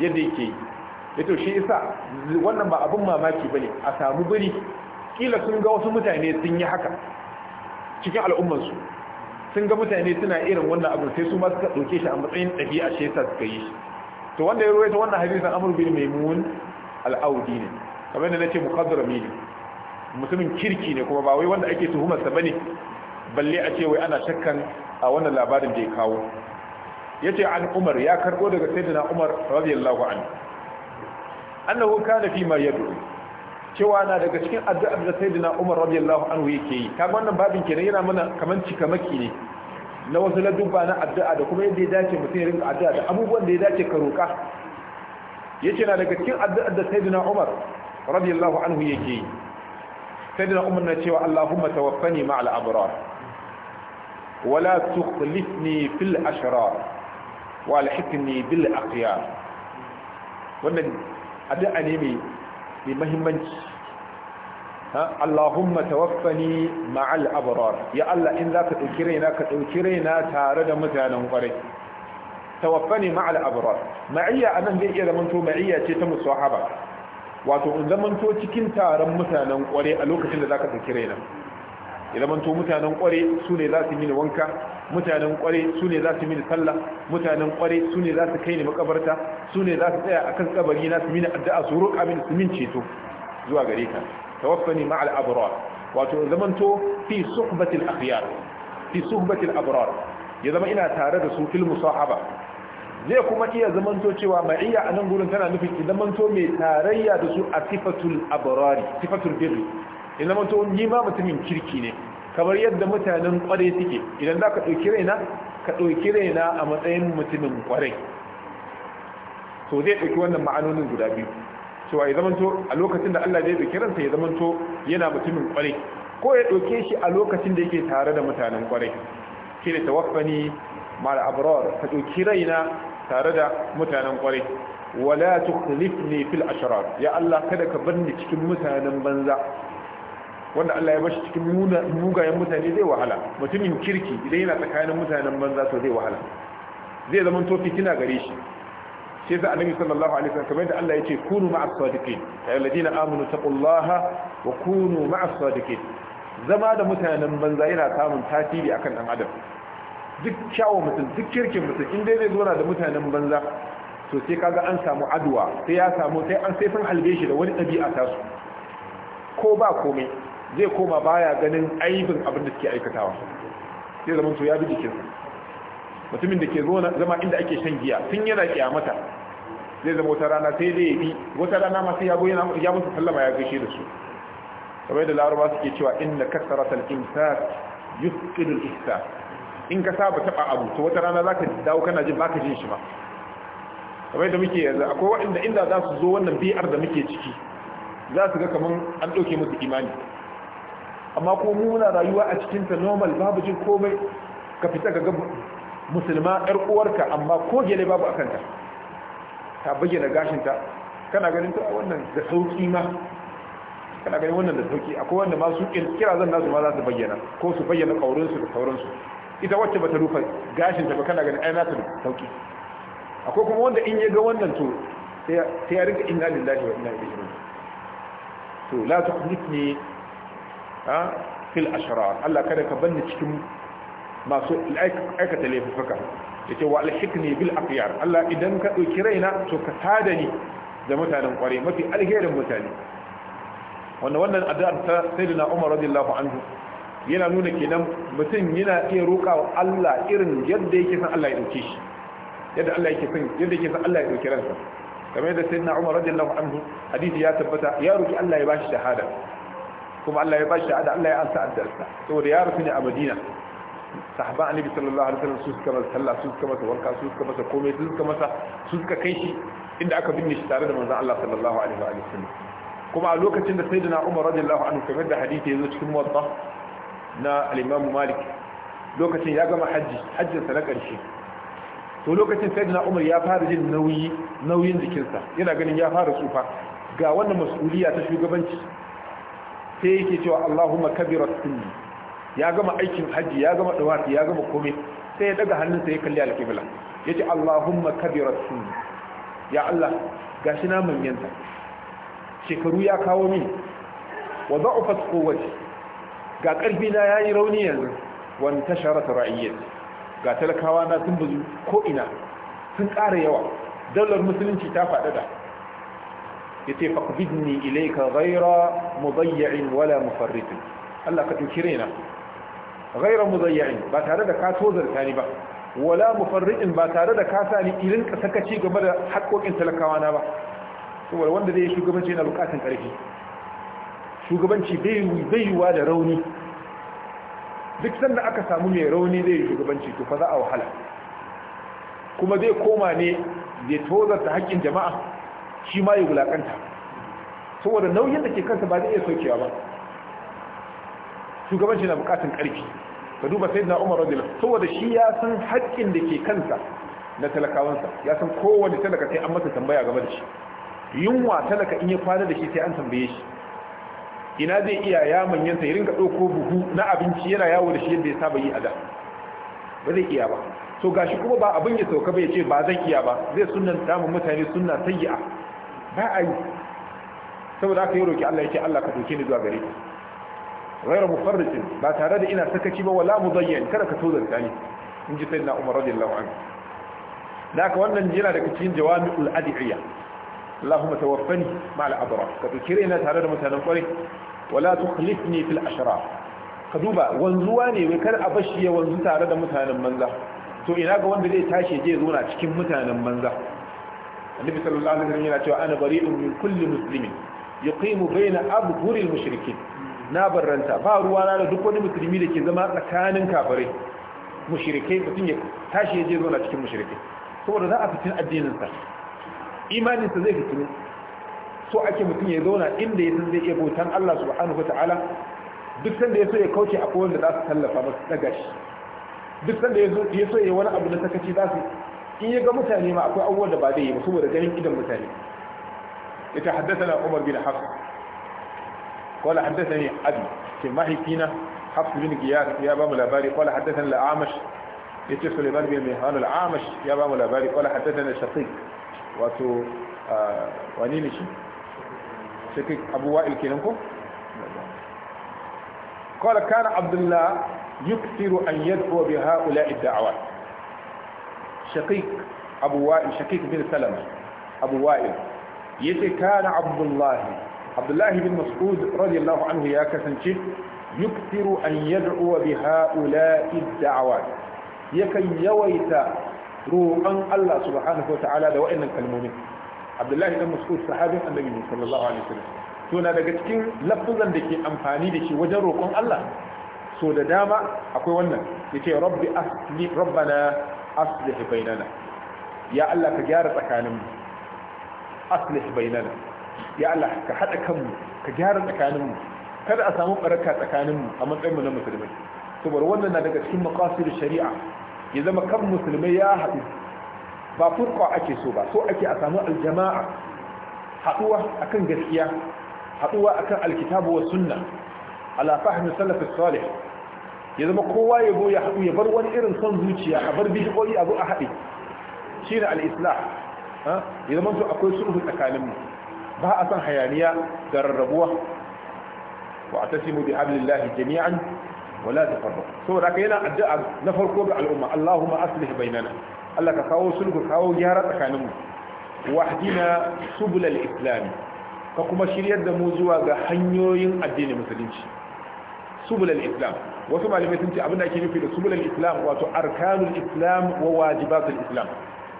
yadda yake yi ya to shi isa wannan ba abin mamaki ba ne a samu biri kila sun ga wasu mutane sun yi haka cikin al'ummarsu sun ga mutane suna irin wannan abin sai su ma suka ɗauke shi a matsayin ɗabi'a a shesa suka yi shi to wanda ya ruwaita wannan hadisin amr bin maimun al'audi ne kamar da na ce muqaddarami ne mutumin kirki ne kuma ba wai wanda ake tuhumar ba ne balle a ce wai ana shakkan a wannan labarin da ya kawo yace an umar ya karbo daga sayyidina umar radiyallahu anhu annahu kana fi ma yad'u cewa na daga cikin addu'ar da sayyidina umar radiyallahu anhu yake yi kaga wannan babin kenan yana mana kaman cikamaki ne na wasu ladubba na addu'a da kuma yadda ya dace mutum ya rinka addu'a da abubuwan da ya dace ka roƙa yace na daga cikin addu'ar da sayyidina umar radiyallahu anhu yake yi sayyidina umar na cewa allahumma tawaffani ma'al abrar wala tukhlifni fil ashrar wa alhikni bil aqyar wannan addu'a ne mai mai muhimmanci Allahumma tawaffani ma'al abrar ya Allah in zaka dauki raina ka dauki raina tare da mutanen kwarai tawaffani ma'al abrar ma'iyya anan zai iya zamanto ma'iyya ce ta musahaba wato in zamanto cikin taron mutanen kwarai a lokacin da zaka dauki raina ya zamanto mutanen kware su ne za su mini wanka mutanen kware su ne za su mini sallah mutanen kware su ne za su kai ni makabarta su ne za su tsaya akan kabari na su mini addu'a su roƙa mini su min ceto zuwa gare ka tawaffani ma al abrar wato zamanto fi suhbati al akhyar fi suhbati al abrar ya zama ina tare da su fil musahaba zai kuma iya zamanto cewa ma'iyya a nan gurin tana nufin idan manto mai tarayya da su a sifatul abrari sifatul birri ya zama to ni ma mutumin kirki ne kamar yadda mutanen kwarai suke idan za ka ɗauki raina ka ɗauki raina a matsayin mutumin kwarai to zai ɗauki wannan ma'anonin guda biyu cewa ya zamanto a lokacin da Allah zai ɗauki ransa ya zamanto yana mutumin kwarai ko ya ɗauke shi a lokacin da yake tare da mutanen kwarai shi ne tawaffani mal abrar ka ɗauki raina tare da mutanen kwarai wala tukhlifni fil ashrar ya Allah kada ka bar ni cikin mutanen banza wanda Allah ya bashi cikin mugayen mutane zai wahala mutumin kirki idan yana tsakanin mutanen banza to zai wahala zai zama tofi fitina gare shi shi yasa annabi sallallahu alaihi wasallam kamar da Allah ya ce kunu ma'as sadiqin ya alladina amanu taqullaha wa kunu ma'as sadiqin zama da mutanen banza yana samun tasiri akan dan adam duk kyawu mutum duk kirkin mutum in dai zai na da mutanen banza to sai kaga an samu adwa sai ya samu sai an sai sun halbe shi da wani dabi'a tasu. ko ba komai zai koma baya ganin aibin abin da suke aikatawa sai zaman su ya bi jikinsa mutumin da ke zama inda ake shan giya tun yana kiyamata zai zama wata rana sai zai bi wata rana masu yago ya musu sallama ya gaishe da su kamar da laraba suke cewa inna kasarata al-imsak yusqilu al-ihsan in ka saba taba abu to wata rana zaka dawo kana jin baka jin shi ma kamar da muke yanzu akwai waɗanda inda za su zo wannan biyar da muke ciki za su ga kaman an ɗauke musu imani amma ko mu muna rayuwa a cikin ta normal babu jin komai ka fita ga musulma yar uwarka amma ko gele babu a ta ta bayyana gashin ta kana ganin ta wannan da sauki ma kana ganin wannan da sauki akwai wanda ma su kira zan nasu ma za su bayyana ko su bayyana kaurin su da sauransu ita wacce bata rufa gashin ta ba kana ganin ai nasu da sauki akwai kuma wanda in ya ga wannan to sai ya rinka inna lillahi wa inna ilaihi raji'un to la tuhnifni fil ashrar Allah kada ka banni cikin masu aikata laifuka yace wa alhikni bil aqyar Allah idan ka dauki raina to ka tada ni da mutanen kware mafi alherin mutane wannan wannan addu'ar ta sayyidina Umar radiyallahu anhu yana nuna kenan mutum yana iya roƙa wa Allah irin yadda yake son Allah ya dauke shi yadda Allah yake son yadda yake son Allah ya dauke ransa kamar yadda sayyidina Umar radiyallahu anhu hadisi ya tabbata ya roki Allah ya bashi shahada kuma Allah ya ba shi da Allah ya ansa addarsa saboda ya rufe ne a Madina sahaba annabi sallallahu alaihi wasallam su suka masa sallah su suka masa wanka su suka masa komai su suka masa su suka kai shi inda aka binne shi tare da manzon Allah sallallahu alaihi wa sallam kuma a lokacin da sayyidina Umar radiyallahu anhu kamar da hadisi yazo cikin muwatta na al-Imam Malik lokacin ya gama haji hajjin sa na karshe to lokacin sayyidina Umar ya fara jin nauyi nauyin jikinsa yana ganin ya fara tsufa ga wannan mas'uliya ta shugabanci sai yake cewa Allahumma kabira sunni ya gama aikin haji ya gama dawafi ya gama komai sai ya daga hannunsa ya kalli alƙibla yace Allahumma kabira sunni ya Allah gashi na manyanta shekaru ya kawo min wa da'ufat quwwati ga karfi na yayi rauni yanzu wa intasharat ra'iyyati ga talakawa na sun bazu ko ina sun ƙara yawa daular musulunci ta faɗaɗa yace faqbidni ilayka ghayra mudayyin wala mufarrit Allah ka tunkire na ghayra mudayyin ba tare da ka tozarta ni ba wala mufarrit ba tare da ka sani irin ka sakaci game da haƙoƙin talakawa na ba saboda wanda zai shugabanci yana bukatun karfi shugabanci bai yiwuwa da rauni duk sanda aka samu mai rauni zai yi shugabanci to fa za a wahala kuma zai koma ne tozar tozarta haƙƙin jama'a shi ma ya wulakanta saboda nauyin da ke kansa ba zai iya saukewa ba shugabanci na bukatun karfi ka duba sai na umar radila saboda shi ya san haƙƙin da ke kansa na talakawansa ya san kowane talaka sai an masa tambaya game da shi yunwa talaka in ya kwana da shi sai an tambaye shi ina zai iya ya manyanta ya rinka ɗauko buhu na abinci yana yawo da shi yadda ya saba yi a da ba zai iya ba to gashi kuma ba abin ya sauka ba ya ce ba zai iya ba zai sunan damun mutane sunna a. ba saboda aka yi roki Allah ya ce Allah ka doke ni zuwa gare ka ghayra mufarritin ba tare da ina sakaci ba wala mudayyan kada ka tozarta ni in ji sayyidina Umar radiyallahu anhu da aka wannan yana daga cikin jawami'ul adiyya اللهم توفني مع الأبرار كتكرينا تعالى مثلا قري ولا تخلفني في الأشرار كدوبا وانزواني وكان أبشي وانزو تعالى مثلا منزا تو إناك وان بدأ تاشي جي زونا cikin mutanen manza? annabi sallallahu alaihi wasallam yana cewa ana bari'un min kulli muslimin yuqimu baina abhuril mushrikin na barranta ba ruwa na da duk wani musulmi da ke zama tsakanin kafirai mushrikai mutum tashi ya je zauna cikin mushrikai saboda za a fitin addininsa imaninsa zai fitinu so ake mutum ya zauna inda ya san zai iya bautan Allah subhanahu duk sanda ya so ya kauce akwai wanda za su tallafa masa daga shi duk sanda ya so ya wani abu na sakaci za su in ya ga mutane ma akwai abubuwan da ba zai yi ba saboda ganin idan mutane haddasa umar bin قال حدثني ابي في ما فينا حفص بن جياد يا باب الاباري قال حدثنا الاعمش يتي سليمان بن ميهان العامش يا باب الاباري قال حدثنا شقيق واتو آه شقيق ابو وائل كينكو قال كان عبد الله يكثر ان يدعو بهؤلاء الدعوات shaqiq abu wa'il shaqiq bin salama abu wa'il yace kana abdullahi عبدالله بن مسعود رضي الله عنه يا كسنشي يكثر أن يدعو بهؤلاء الدعوات يكن يويت روحا الله سبحانه وتعالى دوائنا الكلمونين عبد الله بن مسعود صحابي النبي صلى الله عليه وسلم tuna daga cikin lafazan da ke amfani da shi wajen roƙon Allah so da dama akwai wannan yace rabbi aslih bainana ya Allah ka gyara tsakaninmu aslih bainana ya Allah ka hada kanmu ka gyara tsakaninmu kada a samu baraka tsakaninmu a matsayinmu na musulmai saboda wannan na daga cikin maqasid shari'a ya zama kan musulmai ya haɗu ba furqa ake so ba so ake a samu aljama'a haɗuwa akan gaskiya haɗuwa akan alkitabu wa sunna ala fahmi salaf salih ya zama kowa ya zo ya haɗu ya bar wani irin son zuciya a bar bidiyoyi a zo a haɗe shi ne al'isla ya zama su akwai sulhu tsakaninmu ba a san hayaniya da rarrabuwa wa mu bi hablillahi jami'an wala ta tafarraqu saboda haka yana addu'a na farko ga al'umma Allahumma aslih bainana Allah ka kawo sulhu kawo gyara tsakaninmu wahdina subul al-islam ka kuma shiryar da mu zuwa ga hanyoyin addinin musulunci Subulal islam wasu malamai sun ce abin da ke nufi da subulal islam wato arkanul islam wa wajibatul islam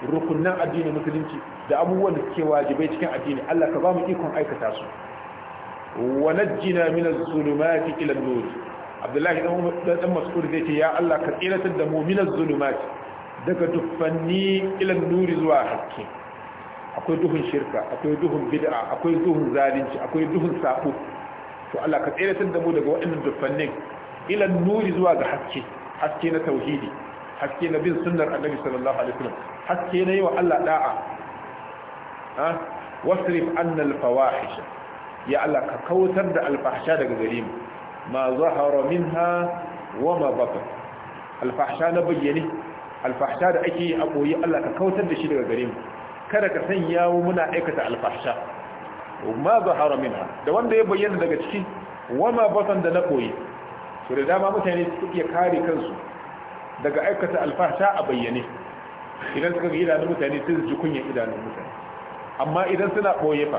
rukunan addinin musulunci da abubuwan da suke wajibai cikin addini Allah ka ba mu ikon aikata su wa najjina min az-zulumati ila an-nur Abdullahi dan dan Mas'ud zai ce ya Allah ka tsiratar da mu min az-zulumati daga duffanni ila an-nuri zuwa hakki akwai duhun shirka akwai duhun bid'a akwai duhun zalunci akwai duhun sabo to Allah ka tseratar da mu daga waɗannan duffannin Ila nuri zuwa ga haske haske na tauhidi haske na bin sunnar annabi sallallahu alaihi wasallam haske na yawa Allah da'a ha wasrif anna al-fawahish ya Allah ka kautar da al-fahsha daga gare mu ma zahara minha wa ma batan al-fahsha na bayyane al-fahsha da ake yi a koyi Allah ka kautar da shi daga gare mu kada ka sanya mu muna aikata al-fahsha ma haramin ha da wanda ya bayyana daga ciki wama batan da na koyi to da dama mutane su iya kare kansu daga aikata alfahsha a bayyane idan suka gida da mutane sun su ji kunya idanun mutane amma idan suna ɓoye fa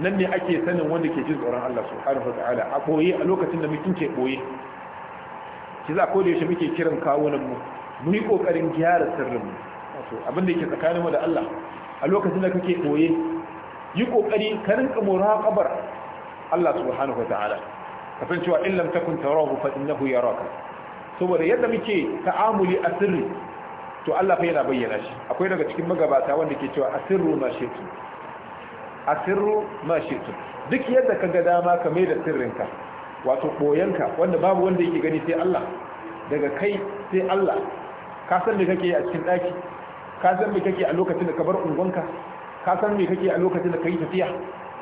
nan ne ake sanin wanda ke jin tsoron Allah subhanahu wataala a ɓoye a lokacin da mutum ke ɓoye ki za ko da yaushe muke kiran kawunan mu mu yi kokarin gyara sirrin mu wato abin da yake tsakanin mu da Allah a lokacin da kake ɓoye yi kokari ka rinka muraqabar Allah subhanahu wataala san cewa in lam takun tarahu fa innahu yaraka saboda yadda muke ta'amuli a to Allah fa yana bayyana shi akwai daga cikin magabata wanda ke cewa asirru ma shaytu asirru ma shaytu duk yadda ka ga dama ka mai da sirrinka wato boyanka wanda babu wanda yake gani sai Allah daga kai sai Allah ka san me kake a cikin daki ka san me kake a lokacin da ka bar ungonka ka san me kake a lokacin da kai tafiya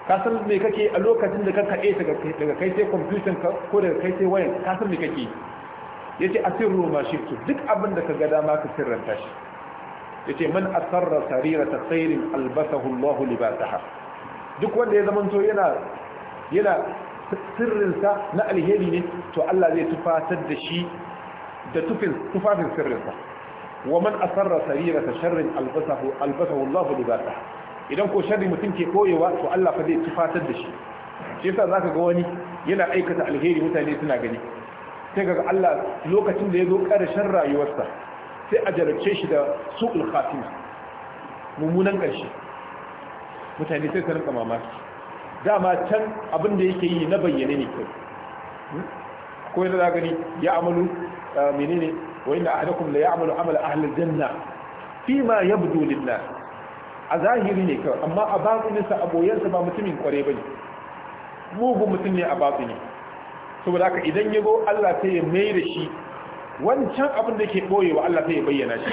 ka san me kake a lokacin da ka kaɗe daga kai sai computer ka ko daga kai sai wayar ka san me kake ya ce a sirru ma shi duk abin da ka ga dama ka sirranta shi ya ce man asarra sarira ta khairin albasahu Allah libasaha duk wanda ya zamanto yana yana sirrinsa na alheri ne to Allah zai tufatar da shi da tufin tufafin sirrinsa wa man asarra sarira ta sharrin albasahu albasahu Allah libasaha idan ko sharri mutum ke koyewa to Allah fa zai tufatar da shi shi yasa zaka ga wani yana aikata alheri mutane suna gani sai kaga Allah lokacin da ya zo ƙarshen rayuwarsa sai a jarace shi da suqul khatima mumunan ƙarshe mutane sai su rinka mamaki dama can abin da yake yi na bayyane ne kai ko yana da gani ya amalu ah, menene wa inna ahadakum la ya'malu amala ahli janna fima yabdu lillah a zahiri ne kawai amma a batsuninsa a boyensa ba mutumin kware ba ne mugun mutum ne a batsuni saboda haka idan ya zo Allah ta ya mai da shi wancan abin da ke ɓoyewa Allah ta ya bayyana shi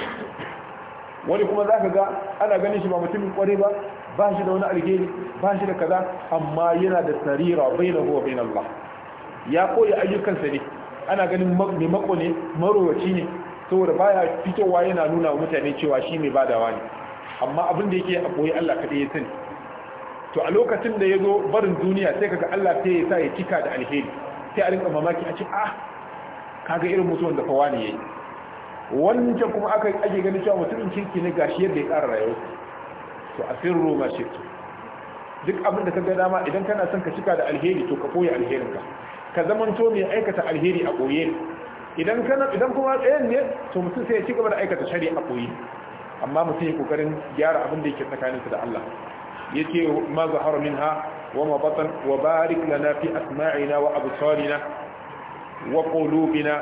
wani kuma za ka ga ana ganin shi ba mutumin kware ba ba shi da wani algeri, ba shi da kaza amma yana da sarira bai na huwa bai na Allah ya koya ayyukansa ne ana ganin mai mako ne marowaci ne saboda baya fitowa yana nuna mutane cewa shi mai badawa ne amma abin da yake a koyi Allah kaɗai ya sani to a lokacin da ya zo barin duniya sai kaga Allah sai ya sa ya cika da alheri sai a rinka mamaki a ce ah kaga irin mutuwan da fawa ne yayi wancan kuma aka ake ganin cewa mutumin kirki ne gashi yadda ya ƙara rayuwa to a sirru ma shi duk abin da ka ga dama idan kana son ka cika da alheri to ka koyi alherinka ka zaman to mai aikata alheri a koye idan kana idan kuma tsayen ne to mutum sai ya ci gaba da aikata shari'a a koye amma mutum ya kokarin gyara abin da yake tsakaninsa da Allah Ya yace ma zahara minha wa ma batan wa barik lana fi asma'ina wa absarina wa qulubina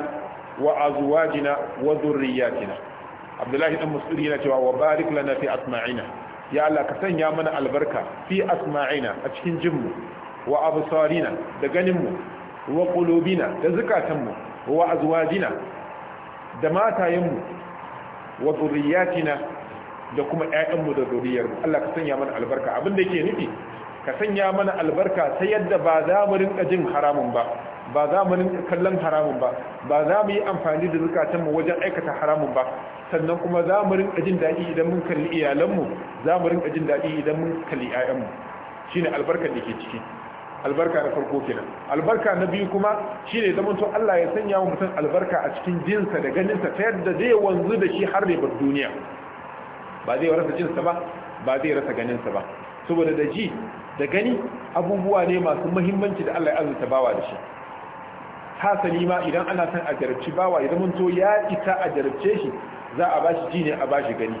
wa azwajina wa dhurriyyatina Abdullahi dan Mas'ud yana cewa wa barik lana fi asma'ina ya Allah ka sanya mana albarka fi asma'ina a cikin jinmu wa absarina da ganinmu wa qulubina da zukatanmu wa azwajina da matayenmu wa zuriyatina da kuma ƴaƴanmu da zuriyarmu Allah ka sanya mana albarka abin da yake nufi ka sanya mana albarka ta yadda ba za mu rinka jin haramun ba ba za mu rinka kallon haramun ba ba za mu yi amfani da mu wajen aikata haramun ba sannan kuma za mu rinka jin daɗi idan mun kalli iyalanmu za mu rinka jin daɗi idan mun kalli 'ya'yanmu shine albarkar da ke ciki albarka na farko kenan albarka na biyu kuma shine zaman to Allah ya sanya wa mutum albarka a cikin jinsa da ganinsa ta yadda zai wanzu da shi har ribar duniya ba zai rasa jinsa ba ba zai rasa ganinsa ba saboda da ji da gani abubuwa ne masu muhimmanci da Allah ya azurta bawa da shi hasali ma idan ana son a jarabci bawa ya zaman to ya ita a jarabce shi za a bashi ji ne a ba shi gani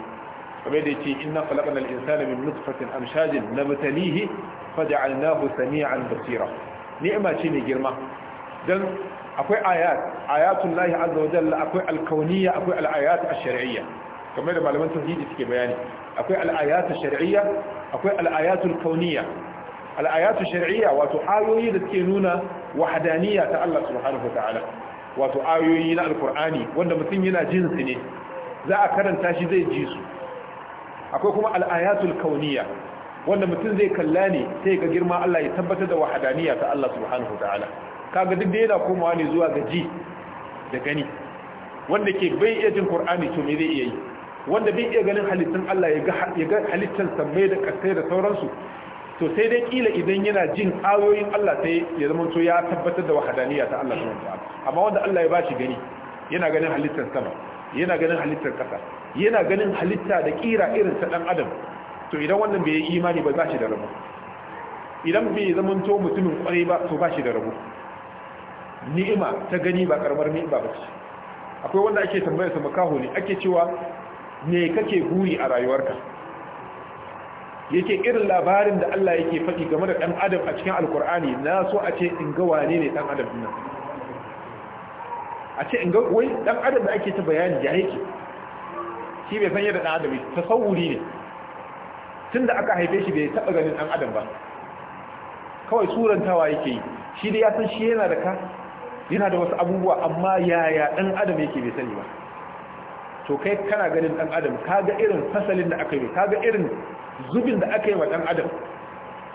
kamar da yake inna khalaqna al-insana min nutfatin amshajin nabtalihi faj'alnahu sami'an basira ni'ima ce ne girma dan akwai ayat ayatul lahi azza wa jalla akwai al-kawniyya akwai al-ayat ash-shar'iyya kamar da malaman tauhidi suke bayani akwai al-ayat ash-shar'iyya akwai al-ayat al-kawniyya al-ayat ash-shar'iyya wato ayoyi da suke nuna wahdaniyya ta Allah subhanahu wa ta'ala wato ayoyi na al-qur'ani wanda mutum yana jin su ne za a karanta shi zai ji su akwai kuma al'ayatul kauniya wanda mutum zai kalla ne sai ga girma Allah ya tabbatar da wahadaniya ta Allah subhanahu ta'ala kaga duk da yana komawa ne zuwa ga ji da gani wanda ke bai iya jin Qur'ani to me zai iya yi wanda bai iya ganin halittun Allah ya ga ya ga da kasai da sauransu to sai dai kila idan yana jin ayoyin Allah sai ya zama to ya tabbatar da wahadaniya ta Allah subhanahu ta'ala amma wanda Allah ya bashi gani yana ganin halittun sama yana ganin halittar kasa yana ganin halitta da kira irin ta dan adam to idan wannan bai yi imani ba za shi da rabo idan bai zaman to mutumin kwarai ba to ba shi da rabo ni'ima ta gani ba karamar ni'ima ba ce akwai wanda ake tambayar sa makaho ne ake cewa me kake buri a rayuwarka yake irin labarin da Allah yake faɗi game da ɗan adam a cikin alkur'ani na so a ce in ga wane ne ɗan adam nan a ce in ga wai dan adam da ake ta bayani ya yake shi bai san yadda dan adam ta tasawuri ne tunda aka haife shi bai taba ganin dan adam ba kawai surantawa yake yi shi dai ya san shi yana da ka yana da wasu abubuwa amma yaya dan adam yake bai sani ba to kai kana ganin dan adam ka ga irin fasalin da aka yi ka ga irin zubin da aka yi wa dan adam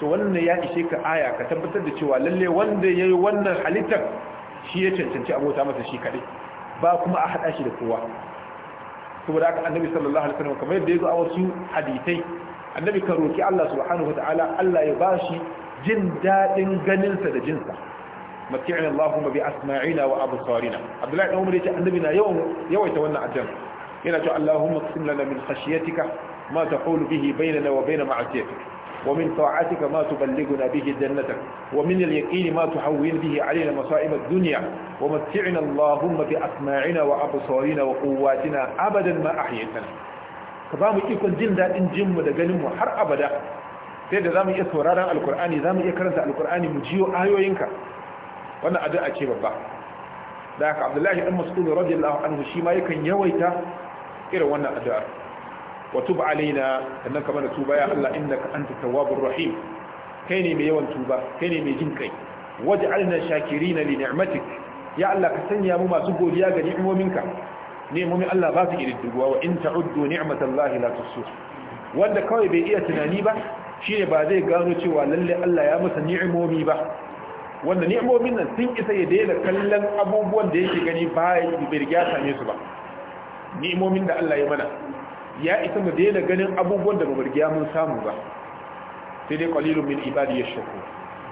to wannan ya ishe ka aya ka tabbatar da cewa lalle wanda yayi wannan halittar shi ya cancanci abota masa shi kaɗai ba kuma a haɗa shi da kowa saboda haka annabi sallallahu alaihi wasallam kamar yadda ya zo a wasu hadisai annabi kan roki Allah subhanahu wataala Allah ya bashi jin daɗin ganinsa da jinsa mati'ina Allahumma bi asma'ina wa absarina Abdullahi dan Umar yace annabi na yawan yawaita wannan addu'a yana cewa Allahumma qsim lana min khashyatika ma taqulu bihi bainana wa bain ma'asiyatik ومن طاعتك ما تبلغنا به جنتك ومن اليقين ما تحول به علينا مصائب الدنيا ومتعنا اللهم بأسماعنا وأبصارنا وقواتنا أبدا ما أحييتنا فبام يكون جن دا إن جم دا جنم حر أبدا تيدا زام يسورارا القرآن زام يكرنت القرآن مجيو آيو ينكا وانا أدعى شيء ببا ذاك عبد الله بن مسعود رضي الله عنه شيما يكن يويتا إلى وانا أدعى wa tuba alaina sannan ka mana tuba ya Allah innaka anta tawwabur rahim kai ne mai yawan tuba kai ne mai jin kai waj'alna shakirina li ni'matik ya Allah ka sanya mu masu godiya ga ni'imominka ni'imomin Allah ba su kididduwa wa in ta'uddu ni'matallahi la tuhsuha wanda kawai bai iya tunani ba Shi ne ba zai gano cewa lalle Allah ya masa ni'imomi ba wanda ni'imomin nan sun isa ya daina kallon abubuwan da yake gani ba ya bai riga same su ba ni'imomin da Allah ya mana ya isa mu daina ganin abubuwan da ba mun samu ba sai dai qalilun min ibadi yashkur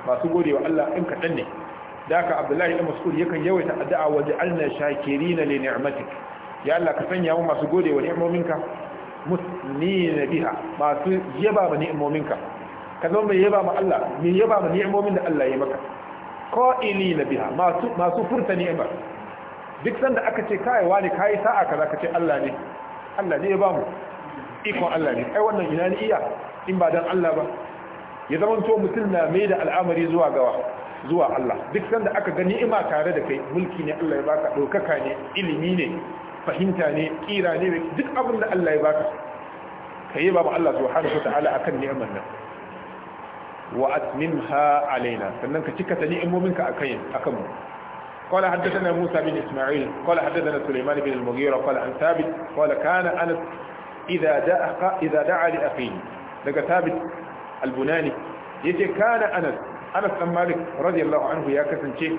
masu godewa Allah in kadan ne da ka Abdullahi ibn Mas'ud yakan yawaita addu'a wa ja'alna shakirin li ni'matik ya Allah ka sanya mu masu godewa ni'imominka musnin biha masu yaba ma ni'imominka ka zama mai yaba ma Allah mai yaba ma ni'imomin da Allah ya maka qa'ilina biha masu masu furta ba. duk sanda aka ce kai wani kai sa'a kaza ka ce Allah ne Allah ne ya ba mu ikon Allah ne ai wannan ina ni iya in ba dan Allah ba ya zama to mutum na mai da al'amari zuwa gawa zuwa Allah duk sanda aka ga ni'ima tare da kai mulki ne Allah ya baka dokaka ne ilimi ne fahimta ne kira ne duk abin da Allah ya baka kai mu Allah subhanahu wataala akan ni'imar nan wa atminha alaina sannan ka cika ta ni'imominka akan akan mu قال حدثنا موسى بن إسماعيل قال حدثنا سليمان بن المغيرة قال عن ثابت قال كان أنس إذا دعا, إذا دعا لأخيه لك ثابت البناني يجي كان أنس أنس بن مالك رضي الله عنه يا كسنشي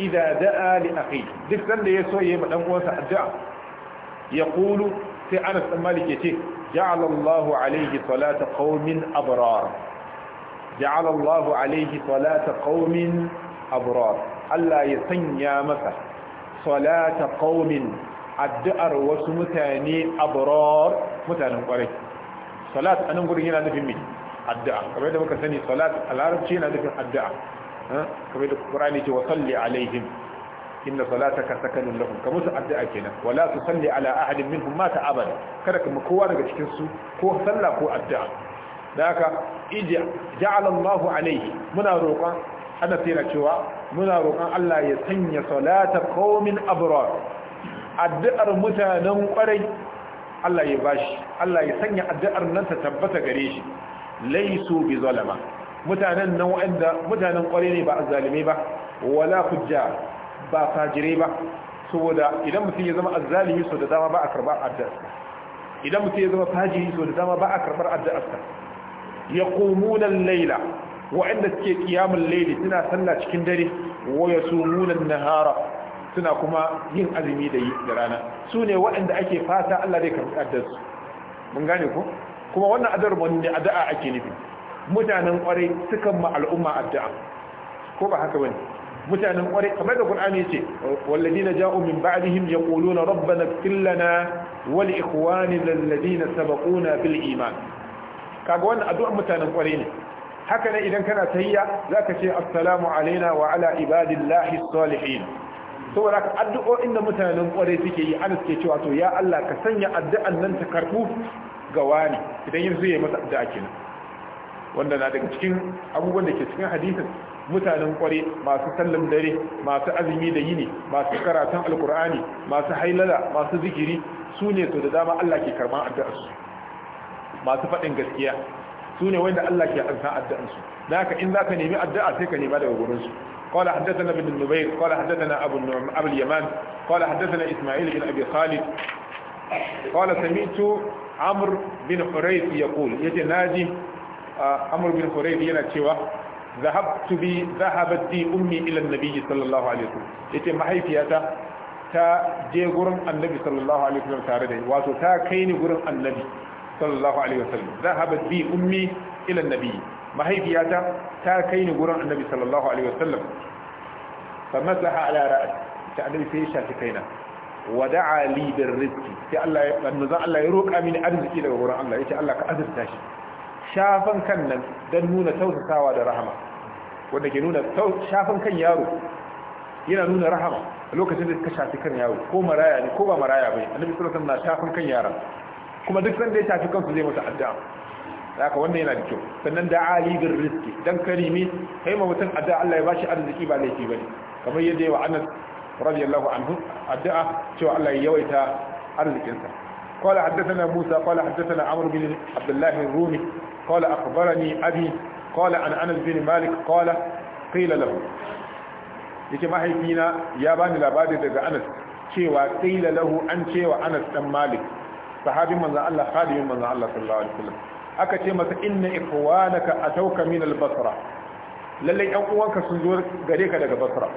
إذا دعا لأخيه دفتا ليسوع يمن أنقوانسا الدعا يقول في أنس بن مالك يتي جعل الله عليه صلاة قوم أبرار جعل الله عليه صلاة قوم أبرار Allah ya sanya masa salata qaumin addu'ar wasu mutane abrar mutanen kwarai salat anan gurin yana nufin me addu'a kamar da muka sani salat a larabci yana nufin addu'a kamar da qur'ani ce wa salli alaihim inna salataka sakanun lahum kamar su addu'a kenan wala tusalli ala ahadin minhum mata abada kada kuma kowa daga cikin su ko sallah ko addu'a da haka ija ja'ala Allahu alaihi muna roƙon hanafi na cewa muna roƙon Allah ya sanya salata qaumin abrar addu'ar mutanen kwarai Allah ya bashi Allah ya sanya addu'ar nan ta tabbata gare shi laisu bi zalama mutanen nan wanda mutanen kwarai ne ba azzalime ba wala fujja ba fajire ba saboda idan mutum ya zama azzalimi so da dama ba a karbar addu'arsa idan mutum ya zama fajiri so da dama ba a karbar addu'arsa yaqumuna al-laila wa'anda suke kiyamun layli suna sallah cikin dare wa yasumuna an-nahara suna kuma yin azumi da rana su ne wa'anda ake fata Allah zai karbi addar su mun gane ko kuma wannan adar wanda addu'a ake nufi mutanen kwarai sukan ma al'umma addu'a ko ba haka bane mutanen kwarai kamar da Qur'ani yace walladina ja'u min ba'dihim yaquluna rabbana ighfir lana wa li ikhwanina alladhina sabaquna bil iman kaga wannan addu'ar mutanen kwarai ne haka ne idan kana tahiyya zaka ce assalamu alaina wa ala ibadillahi salihin saboda ka addu'o'in da mutanen kwarai suke yi anas suke cewa to ya Allah ka sanya addu'an nan ta karbu ga wani idan yanzu ya masa addu'a kenan wanda na daga cikin abubuwan da ke cikin hadisin mutanen kwarai masu sallan dare masu azumi da yini masu karatun alkur'ani masu hailala masu zikiri su ne to da dama Allah ke karban addu'arsu masu faɗin gaskiya su ne wanda Allah ke ansa addu'ansu da haka in zaka nemi addu'a sai ka nema daga gurin su قال حدثنا ابن النبير قال حدثنا أبو, أبو اليمان قال حدثنا إسماعيل بن أبي خالد قال سمعت عمرو بن حريث يقول يتناجي عمرو بن حريث ينتشوى ذهبت بي ذهبت بي أمي إلى النبي صلى الله عليه وسلم يتم حيثياتا ta je gurin annabi sallallahu alaihi wasallam tare da wato ta kai ni gurin annabi sallallahu alaihi wasallam zahabat bi ummi ila annabi mahaifiyata ta kai ni gurin annabi sallallahu alaihi wasallam fa masaha ala ra'si ta annabi sai ya shafi kaina wa li bir rizqi sai Allah ya manzo Allah ya roƙa mini arziki daga gurin Allah yace Allah ka azurta shi shafan kan nan dan nuna tausasawa da rahama wanda ke nuna shafan kan yaro yana nuna rahama a lokacin da suka shafi kan yaro ko maraya ne ko ba maraya bai annabi sallallahu alaihi wasallam na shafan kan yara kuma duk sanda ya tafi kansu zai musu addu'a haka wannan yana da kyau sannan da ali bin rizki dan karimi kai ma mutum addu'a Allah ya bashi arziki ba laifi bane kamar yadda yawa Anas radiyallahu anhu addu'a cewa Allah ya yawaita arzikinsa قال حدثنا Musa, قال حدثنا عمرو بن عبد الله الرومي قال أخبرني أبي قال عن Anas bin Malik, قال قيل له yake mahaifina ya bani labari daga Anas cewa qila lahu an cewa Anas dan Malik sahabin manzon Allah khadimin manzon Allah sallallahu alaihi wasallam aka ce masa inna ikhwanaka atawka min al-basra lalle yan uwanka sun zo gare ka daga basra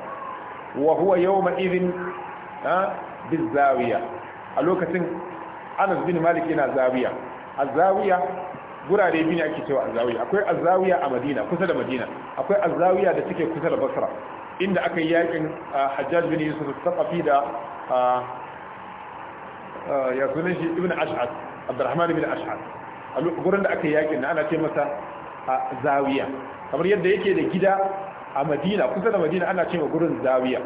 wa huwa yawma idhin bizawiya a lokacin Anas bin Malik yana zawiya zawiya, gurare biyu ne ake cewa zawiya. akwai zawiya a Madina kusa da Madina akwai zawiya da take kusa da Basra inda aka yi yakin ah, Hajjaj bin Yusuf al-Thaqafi da ah, ya sunan shi ibn ash'ad abdurrahman ibn ash'ad a gurin da aka yakin na ana ce masa zawiya kamar yadda yake da gida a madina kusa da madina ana ce ma gurin zawiya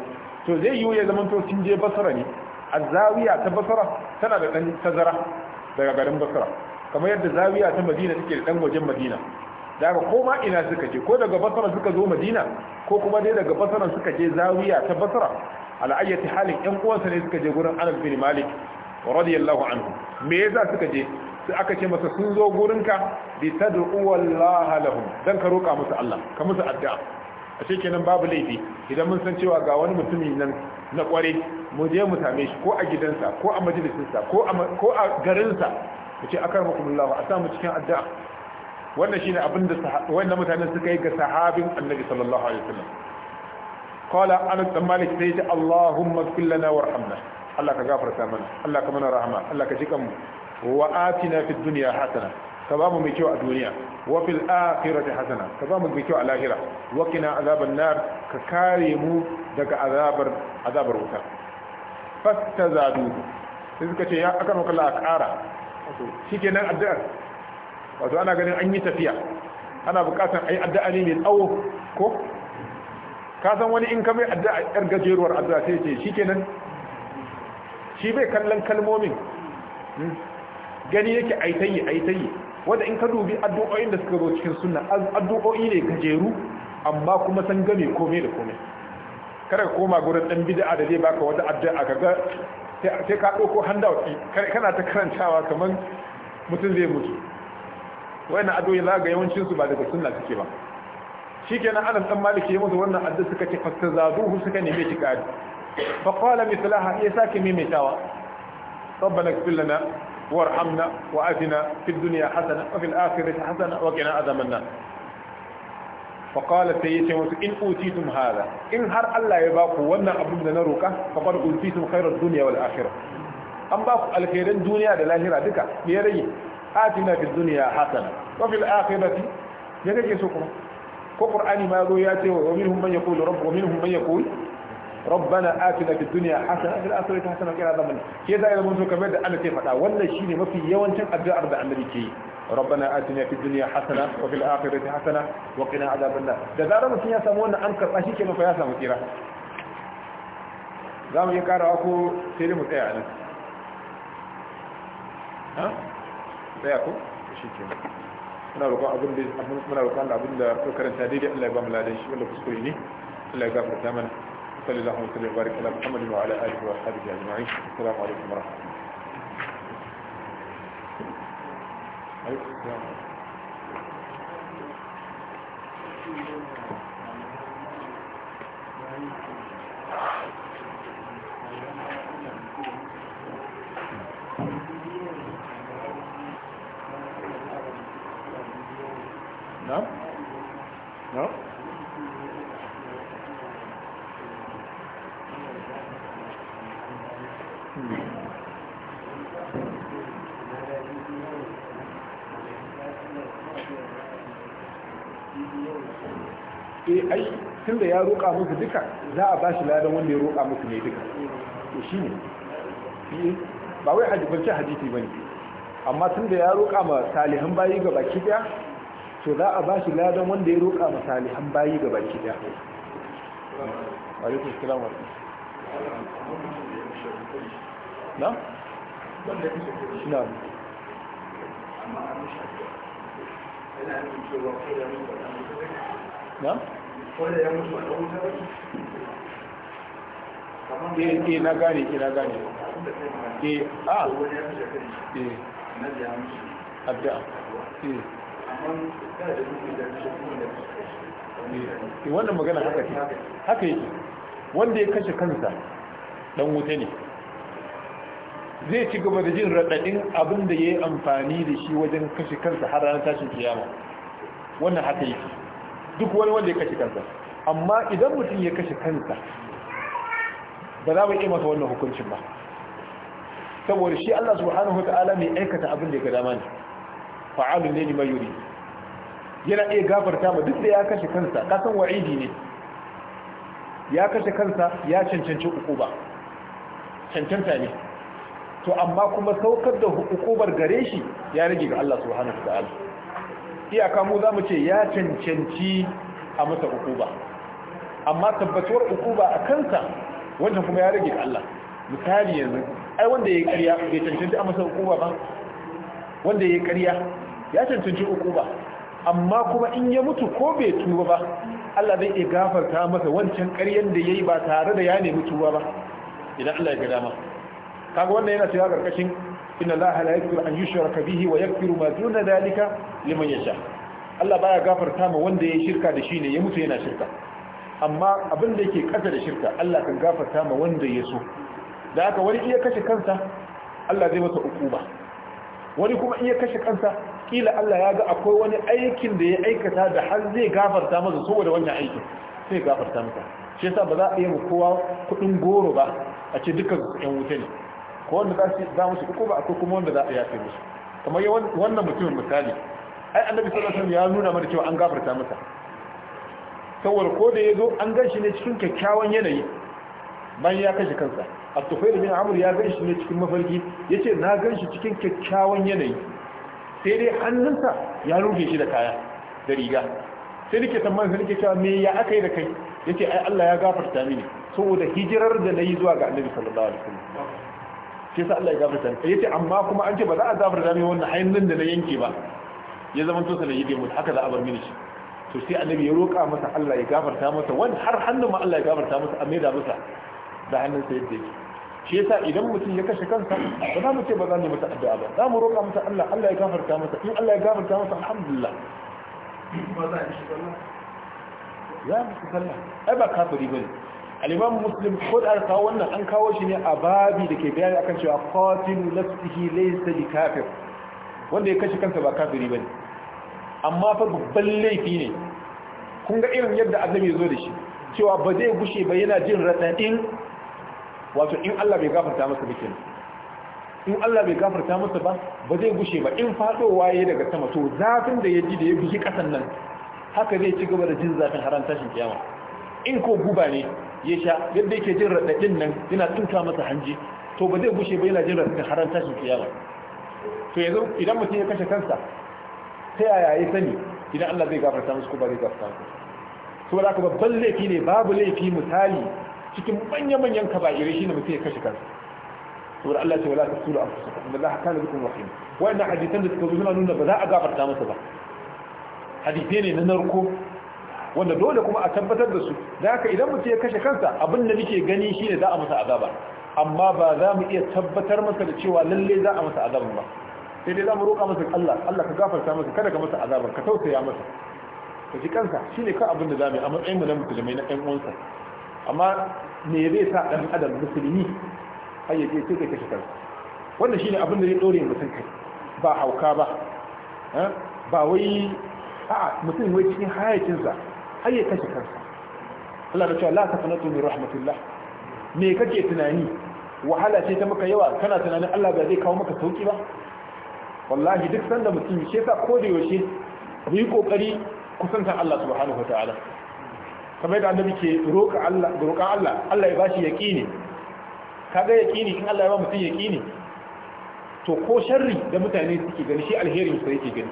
to zai yiwu ya zama to sun je basara ne a zawiya ta basara tana da dan tazara daga garin basara. kamar yadda zawiya ta madina take da dan wajen madina daga koma ina suka je ko daga basara suka zo madina ko kuma dai daga basara suka je zawiya ta basara, ala halin yan uwansa ne suka je gurin anas bin malik radiyallahu anhu me yasa suka je sai aka ce masa sun zo gurinka bi tad'u wallahi lahum dan ka roka musu Allah ka musu addu'a ashe kenan babu laifi idan mun san cewa ga wani mutumi nan na kware mu je mu same shi ko a gidansa ko a majalisinsa ko a ko a garinsa mu ce akarmakumullahu a samu cikin addu'a wannan shine abin da wannan mutanen suka yi ga sahabin annabi sallallahu alaihi wasallam qala anas bin malik sai ta allahumma kulli lana warhamna Allah ka gafarta mana Allah ka mana rahama Allah ka jikan mu wa atina fid dunya hasana ka ba mu mai kyau a duniya wa fil akhirati hasana ka ba mu mai kyau a lahira wa kina azaban nar ka kare mu daga azabar azabar wuta fastazadu sai suka ce ya aka maka Allah ƙara shikenan addu'ar wato ana ganin an yi tafiya ana bukatar ayi addu'a ne mai tsawo ko ka san wani in ka mai addu'a yar gajeruwar addu'a sai ce shikenan shi bai kallon kalmomin hmm? gani yake aitayi aitayi wanda in ka dubi addu'o'in da suka zo cikin sunna addu'o'i ne gajeru amma kuma san game komai da komai kada ka koma gurin dan bid'a da zai baka wata addu'a kaga sai ka dauko handout kana ta karantawa kaman mutum zai mutu na addu'o'i za ga yawancin su ba daga sunna suke ba shikenan anan dan maliki ya musu wannan addu'a suka ce fastazaduhu suka neme shi kadi faƙwala mislaha ya sake mimitawa rabbana kafin lana warhamna wa atina fi duniya hasana wa fil akhirati hasana wa qina adhaban nar fa qala sayyidi wa in in har Allah ya baku wannan abun da na roka fa qad utitum khairad dunya wal an baku alkhairan duniya da lahira duka me rage atina fi duniya hasana wa fil akhirati ya kake so kuma ko qur'ani ma ya ce wa minhum man yaqulu rabbuhum minhum man yaqulu rabbana atina fid dunya hasana wa fil akhirati hasana wa qina adhaban ke da ilimin to kamar da Allah ke faɗa wannan shine mafi yawancin addu'ar da annabi ke yi ربنا آتنا في الدنيا حسنة وفي الآخرة حسنة وقنا عذاب النار da zarar mutum ya samu wannan an karɓa shi kenan ya samu kira za mu yi karawa ko sai mu tsaya a nan ha tsaya ko shi ke muna roƙon abin da muna roƙon da abin da karanta daidai Allah ya ba mu ladan shi wanda kuskure ne Allah ya gafarta mana صلى الله وسلم وبارك على محمد وعلى اله وصحبه اجمعين السلام عليكم ورحمه الله أيوة، ya roƙa musu duka za a bashi ladan wanda ya roƙa musu ne duka to shi ne ba wai hadibanci hadisi ba ne amma tun da ya roƙa ma salihan bayi ga baki ɗaya to za a bashi ladan wanda ya roƙa ma salihan bayi ga baki ɗaya alaikun na? na? wanda na gane eh, eh na gane eh a eh na da eh, ah. ya shi wannan magana haka ce haka yake wanda ya kashe kansa dan wuta ne zai ci gaba da jin raɗaɗin abin da ya yi amfani da shi wajen kashe kansa har ranar tashin kiyama wannan haka yake duk wani wanda ya kashe kansa amma idan mutum ya kashe kansa ba za mu iya masa wannan hukuncin ba saboda shi Allah subhanahu wataala mai aikata abin da ya ga dama fa'alun ne ni yuri yana iya gafarta ma duk da ya kashe kansa kasan wa'idi ne ya kashe kansa ya cancanci hukuba cancanta ne to amma kuma saukar da hukubar gare shi ya rage ga Allah subhanahu wataala iyaka mu za mu ce ya cancanci a masa ukuba amma tabbatuwar ukuba a kansa wajen kuma ya rage Allah misali yanzu ai wanda ya karya ya cancanci a masa ukuba ba wanda ya karya ya cancanci ukuba amma kuma in ya mutu ko bai tuba ba Allah zai iya gafarta masa wancan ƙaryen da ya yi ba tare da ya nemi tuba ba idan Allah ya ga dama kaga wannan yana cewa karkashin inna laha la yaghfiru an yushraka bihi wa yaghfiru ma duna dhalika liman yasha Allah baya gafarta ma wanda ya shirka da shi ne ya mutu yana shirka amma abin da yake kasa da shirka Allah kan gafarta ma wanda ya so da haka wani iya kashe kansa Allah zai masa hukuma wani kuma iya kashe kansa kila Allah ya ga akwai wani aikin da ya aikata da har zai gafarta masa saboda wannan aikin sai gafarta masa shi yasa ba za a yi kowa kudin goro ba a ce duka yan wuta ne ko wanda za su za musu, ko ba akwai kuma wanda za a yafe musu kamar wannan mutumin misali ai annabi sallallahu alaihi wasallam ya nuna mana cewa an gafarta masa saboda ko da yazo an ganshi ne cikin kyakkyawan yanayi bayan ya kashe kansa at-tufail bin amr ya ganshi ne cikin mafarki yace na ganshi cikin kyakkyawan yanayi sai dai hannunsa ya rufe shi da kaya da riga sai nake tambayar sai nake cewa me ya aka yi da kai yace ai Allah ya gafarta mini saboda hijirar da nayi zuwa ga annabi sallallahu alaihi wasallam shi sa Allah ya gafarta ni yace amma kuma an ce ba za a gafarta ni wannan hannun da na yanke ba ya zama to sai yake mutu haka za a bar mini shi to sai annabi ya roƙa masa Allah ya gafarta masa wani har hannun ma Allah ya gafarta masa ya da masa da hannun sa yadda yake shi yasa idan mutum ya kashe kansa ba za mu ce ba za mu masa addu'a ba za mu roƙa masa Allah Allah ya gafarta masa in Allah ya gafarta masa alhamdulillah ba za a shi sallah ya musu sallah ai ba kafiri bane al-imam muslim ko da kawo wannan an kawo shi ne a babi da ke bayani akan cewa qatilu nafsihi laysa bi kafir wanda ya kashe kansa ba kafiri bane amma fa babban laifi ne kun ga irin yadda annabi ya zo da shi cewa ba zai gushe ba yana jin radadin wato in Allah bai gafarta masa ba kenan in Allah bai gafarta masa ba ba zai gushe ba in fadowa yayi daga sama to zafin da ya ji da ya bigi kasan nan haka zai ci gaba da jin zafin haran shi kiyama in ko guba ne ya sha yadda yake jin raɗaɗin nan yana tunka masa hanji to ba zai gushe ba yana jin raɗaɗin haran tashin kiyama to yanzu idan mutum ya kashe kansa ta yaya ya sani idan Allah zai gafarta musu ko ba zai gafarta musu saboda ka babban laifi ne babu laifi misali cikin manya-manyan kaba'irai shine mutum ya kashe kansa saboda Allah ce wala tasulu anfusakum inna Allah kana bikum rahim inna hadithan da suka zo suna nuna ba za a gafarta masa ba hadithai ne na narko wanda dole kuma a tabbatar da su da haka idan mutum ya kashe kansa abin da muke gani shine za a masa azaba amma ba za mu iya tabbatar masa da cewa lalle za a masa azaban ba sai dai za mu roƙa masa Allah Allah ka gafarta masa kada ka masa azaban ka tausaya masa ka ji kansa shine ka abin da za mu yi a matsayin mu na musulmai na ɗan uwansa amma me zai sa ɗan adam musulmi har ya je sai kai kashe kansa wannan shine abin da zai dore mutum kai ba hauka ba eh? ba wai a'a mutum wai cikin hayakinsa har ya kashe kansa Allah da cewa la na min rahmatullah. me kake tunani wahala ce ta maka yawa kana tunanin Allah ba zai kawo maka sauki ba wallahi duk sanda mutum shi yasa ko da yaushe mu yi kokari kusantar Allah subhanahu wataala kamar yadda annabi ke roƙa Allah Allah Allah ya bashi yaqini kaga yaqini in Allah ya ba mutum yaqini to ko sharri da mutane suke gani shi alherin su yake gani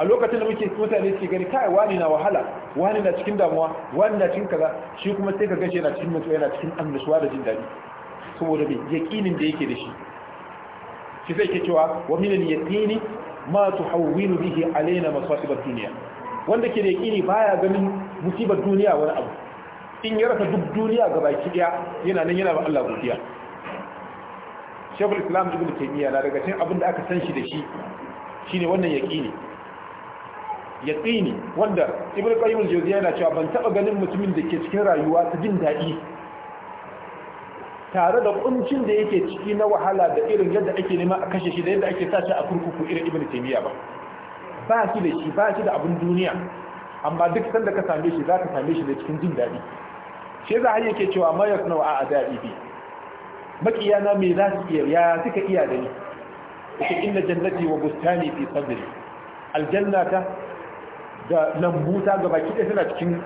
a lokacin da muke mutane suke gani kai wani na wahala wani na cikin damuwa wani na cikin kaza shi kuma sai ka gashi yana cikin mutu yana cikin annashuwa da jin daɗi saboda me yaqinin da yake da shi shi sai ke cewa wa min al-yaqini ma tuhawwilu bihi alaina masasib ad-dunya wanda ke da yaqini baya ganin musibar duniya wani abu in ya rasa duk duniya gabaki daya yana nan yana ba Allah godiya Shaykhul Islam Ibn Taymiyyah na daga cikin abin da aka san shi da shi shine wannan yaqini tsini wanda ibn qayyim al-jawziyya yana cewa ban taba ganin mutumin da ke cikin rayuwa ta jin daɗi. tare da kuncin da yake ciki na wahala da irin yadda ake nema a kashe shi da yadda ake sa shi a kurkuku irin ibn taymiya ba ba shi da shi ba shi da abin duniya amma duk sanda ka same shi zaka same shi da cikin jin daɗi. shi za har yake cewa ma yasnau a adabi bi na me za su iya ya suka iya da ni inna jannati wa bustani fi sadri aljannata da lambu ta gaba kiɗe suna cikin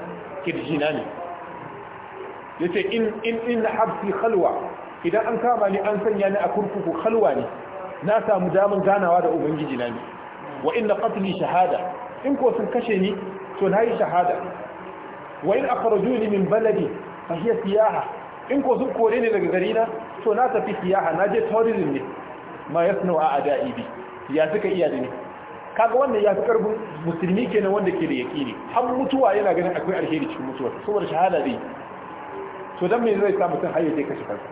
kirjina ne ya ce in na hafi halwa idan an kama ni an sanya ni a kurkuku halwa ne na samu damar ganawa da ubangiji na ne wa in na shahada in ko sun kashe ni to na yi shahada wa in akharajuni min baladi a hiya siyaha in ko sun kore ni daga gari na to na tafi siyaha na je tourism ne ma yasnu a adaibi ya suka iya da ni kaga wannan ya fi karfin musulmi kenan wanda ke da ne. har mutuwa yana ganin akwai alheri cikin mutuwa saboda shahada zai to dan me zai sa mutum har ya je kashe kansa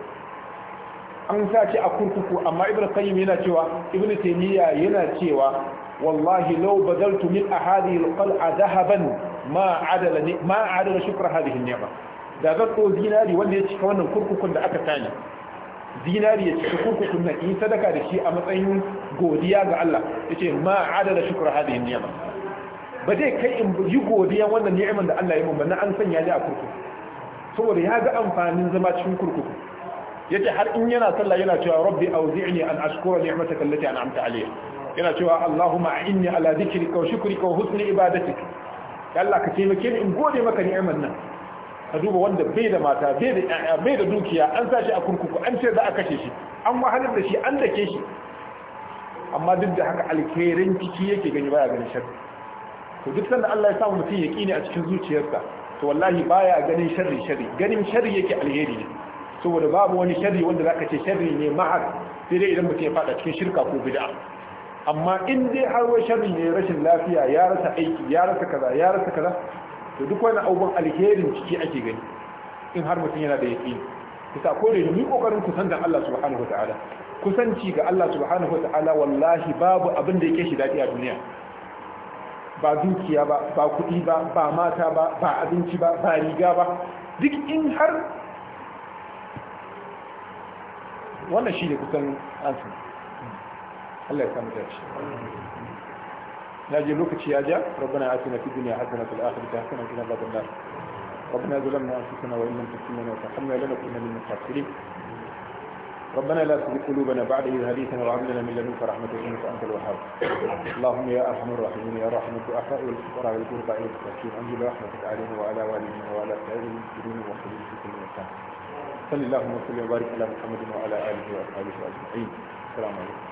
an sa shi a kurkuku amma ibnu qayyim yana cewa ibnu taymiya yana cewa wallahi law badaltu min ahadi alqal'a dhahaban ma adala ma adala shukra hadhihi ni'ma da zan zinari wanda ya cika wannan kurkukun da aka tani zinari ya cika kurkukun na in sadaka da shi a matsayin godiya ga Allah Ya ce ma adada hada yin ni'ma ba zai kai in yi godiya wannan ni'aman da Allah ya mun ba na an sanya ji a kurkuku saboda ya ga amfanin zama cikin kurkuku ce har in yana sallah yana cewa rabbi a auzi'ni an ashkura ni'mataka an amta aliyu yana cewa allahumma inni ala dhikrika wa shukrika wa husni Ya Allah ka taimake ni in gode maka ni'aman nan a duba wanda bai da mata bai da bai da dukiya an sa shi a kurkuku an ce za a kashe shi an wahalar da shi an dake shi amma duk da haka alkerin ciki yake gani baya ganin sharri to duk sanda Allah ya samu mutum yaqini a cikin zuciyarsa to wallahi baya ganin sharri sharri ganin sharri yake alheri ne saboda babu wani sharri wanda zaka ce sharri ne mahar sai dai idan mutum ya fada cikin shirka ko bid'a amma in dai har wai sharri ne rashin lafiya ya rasa aiki ya rasa kaza ya rasa kaza to duk wani abubuwan alherin ciki ake gani in har mutum yana da yaƙi kisa ko da ni kokarin kusan da Allah subhanahu wataala kusanci ga Allah subhanahu wataala wallahi babu abin da yake shi daɗi a duniya ba dukiya ba ba kuɗi ba ba mata ba ba abinci ba ba riga ba duk in har wannan shi ne kusan ansu Allah ya samu dace ناجي لوك يا جا ربنا آتنا في الدنيا حسنة في الآخرة حسنة في عذاب النار ربنا ظلمنا أنفسنا وإن لم تغفر لنا وترحمنا لنكونن من الخاسرين ربنا لا تزغ قلوبنا بعد إذ هديتنا وهب لنا من لدنك رحمة إنك أنت الوهاب اللهم يا أرحم الراحمين يا راحم الضعفاء والفقراء والقربى والمساكين أنزل رحمتك علينا وعلى والدينا وعلى سائر المسلمين والمسلمين في كل مكان صلى اللهم وسلم وبارك على محمد وعلى آله وأصحابه أجمعين السلام عليكم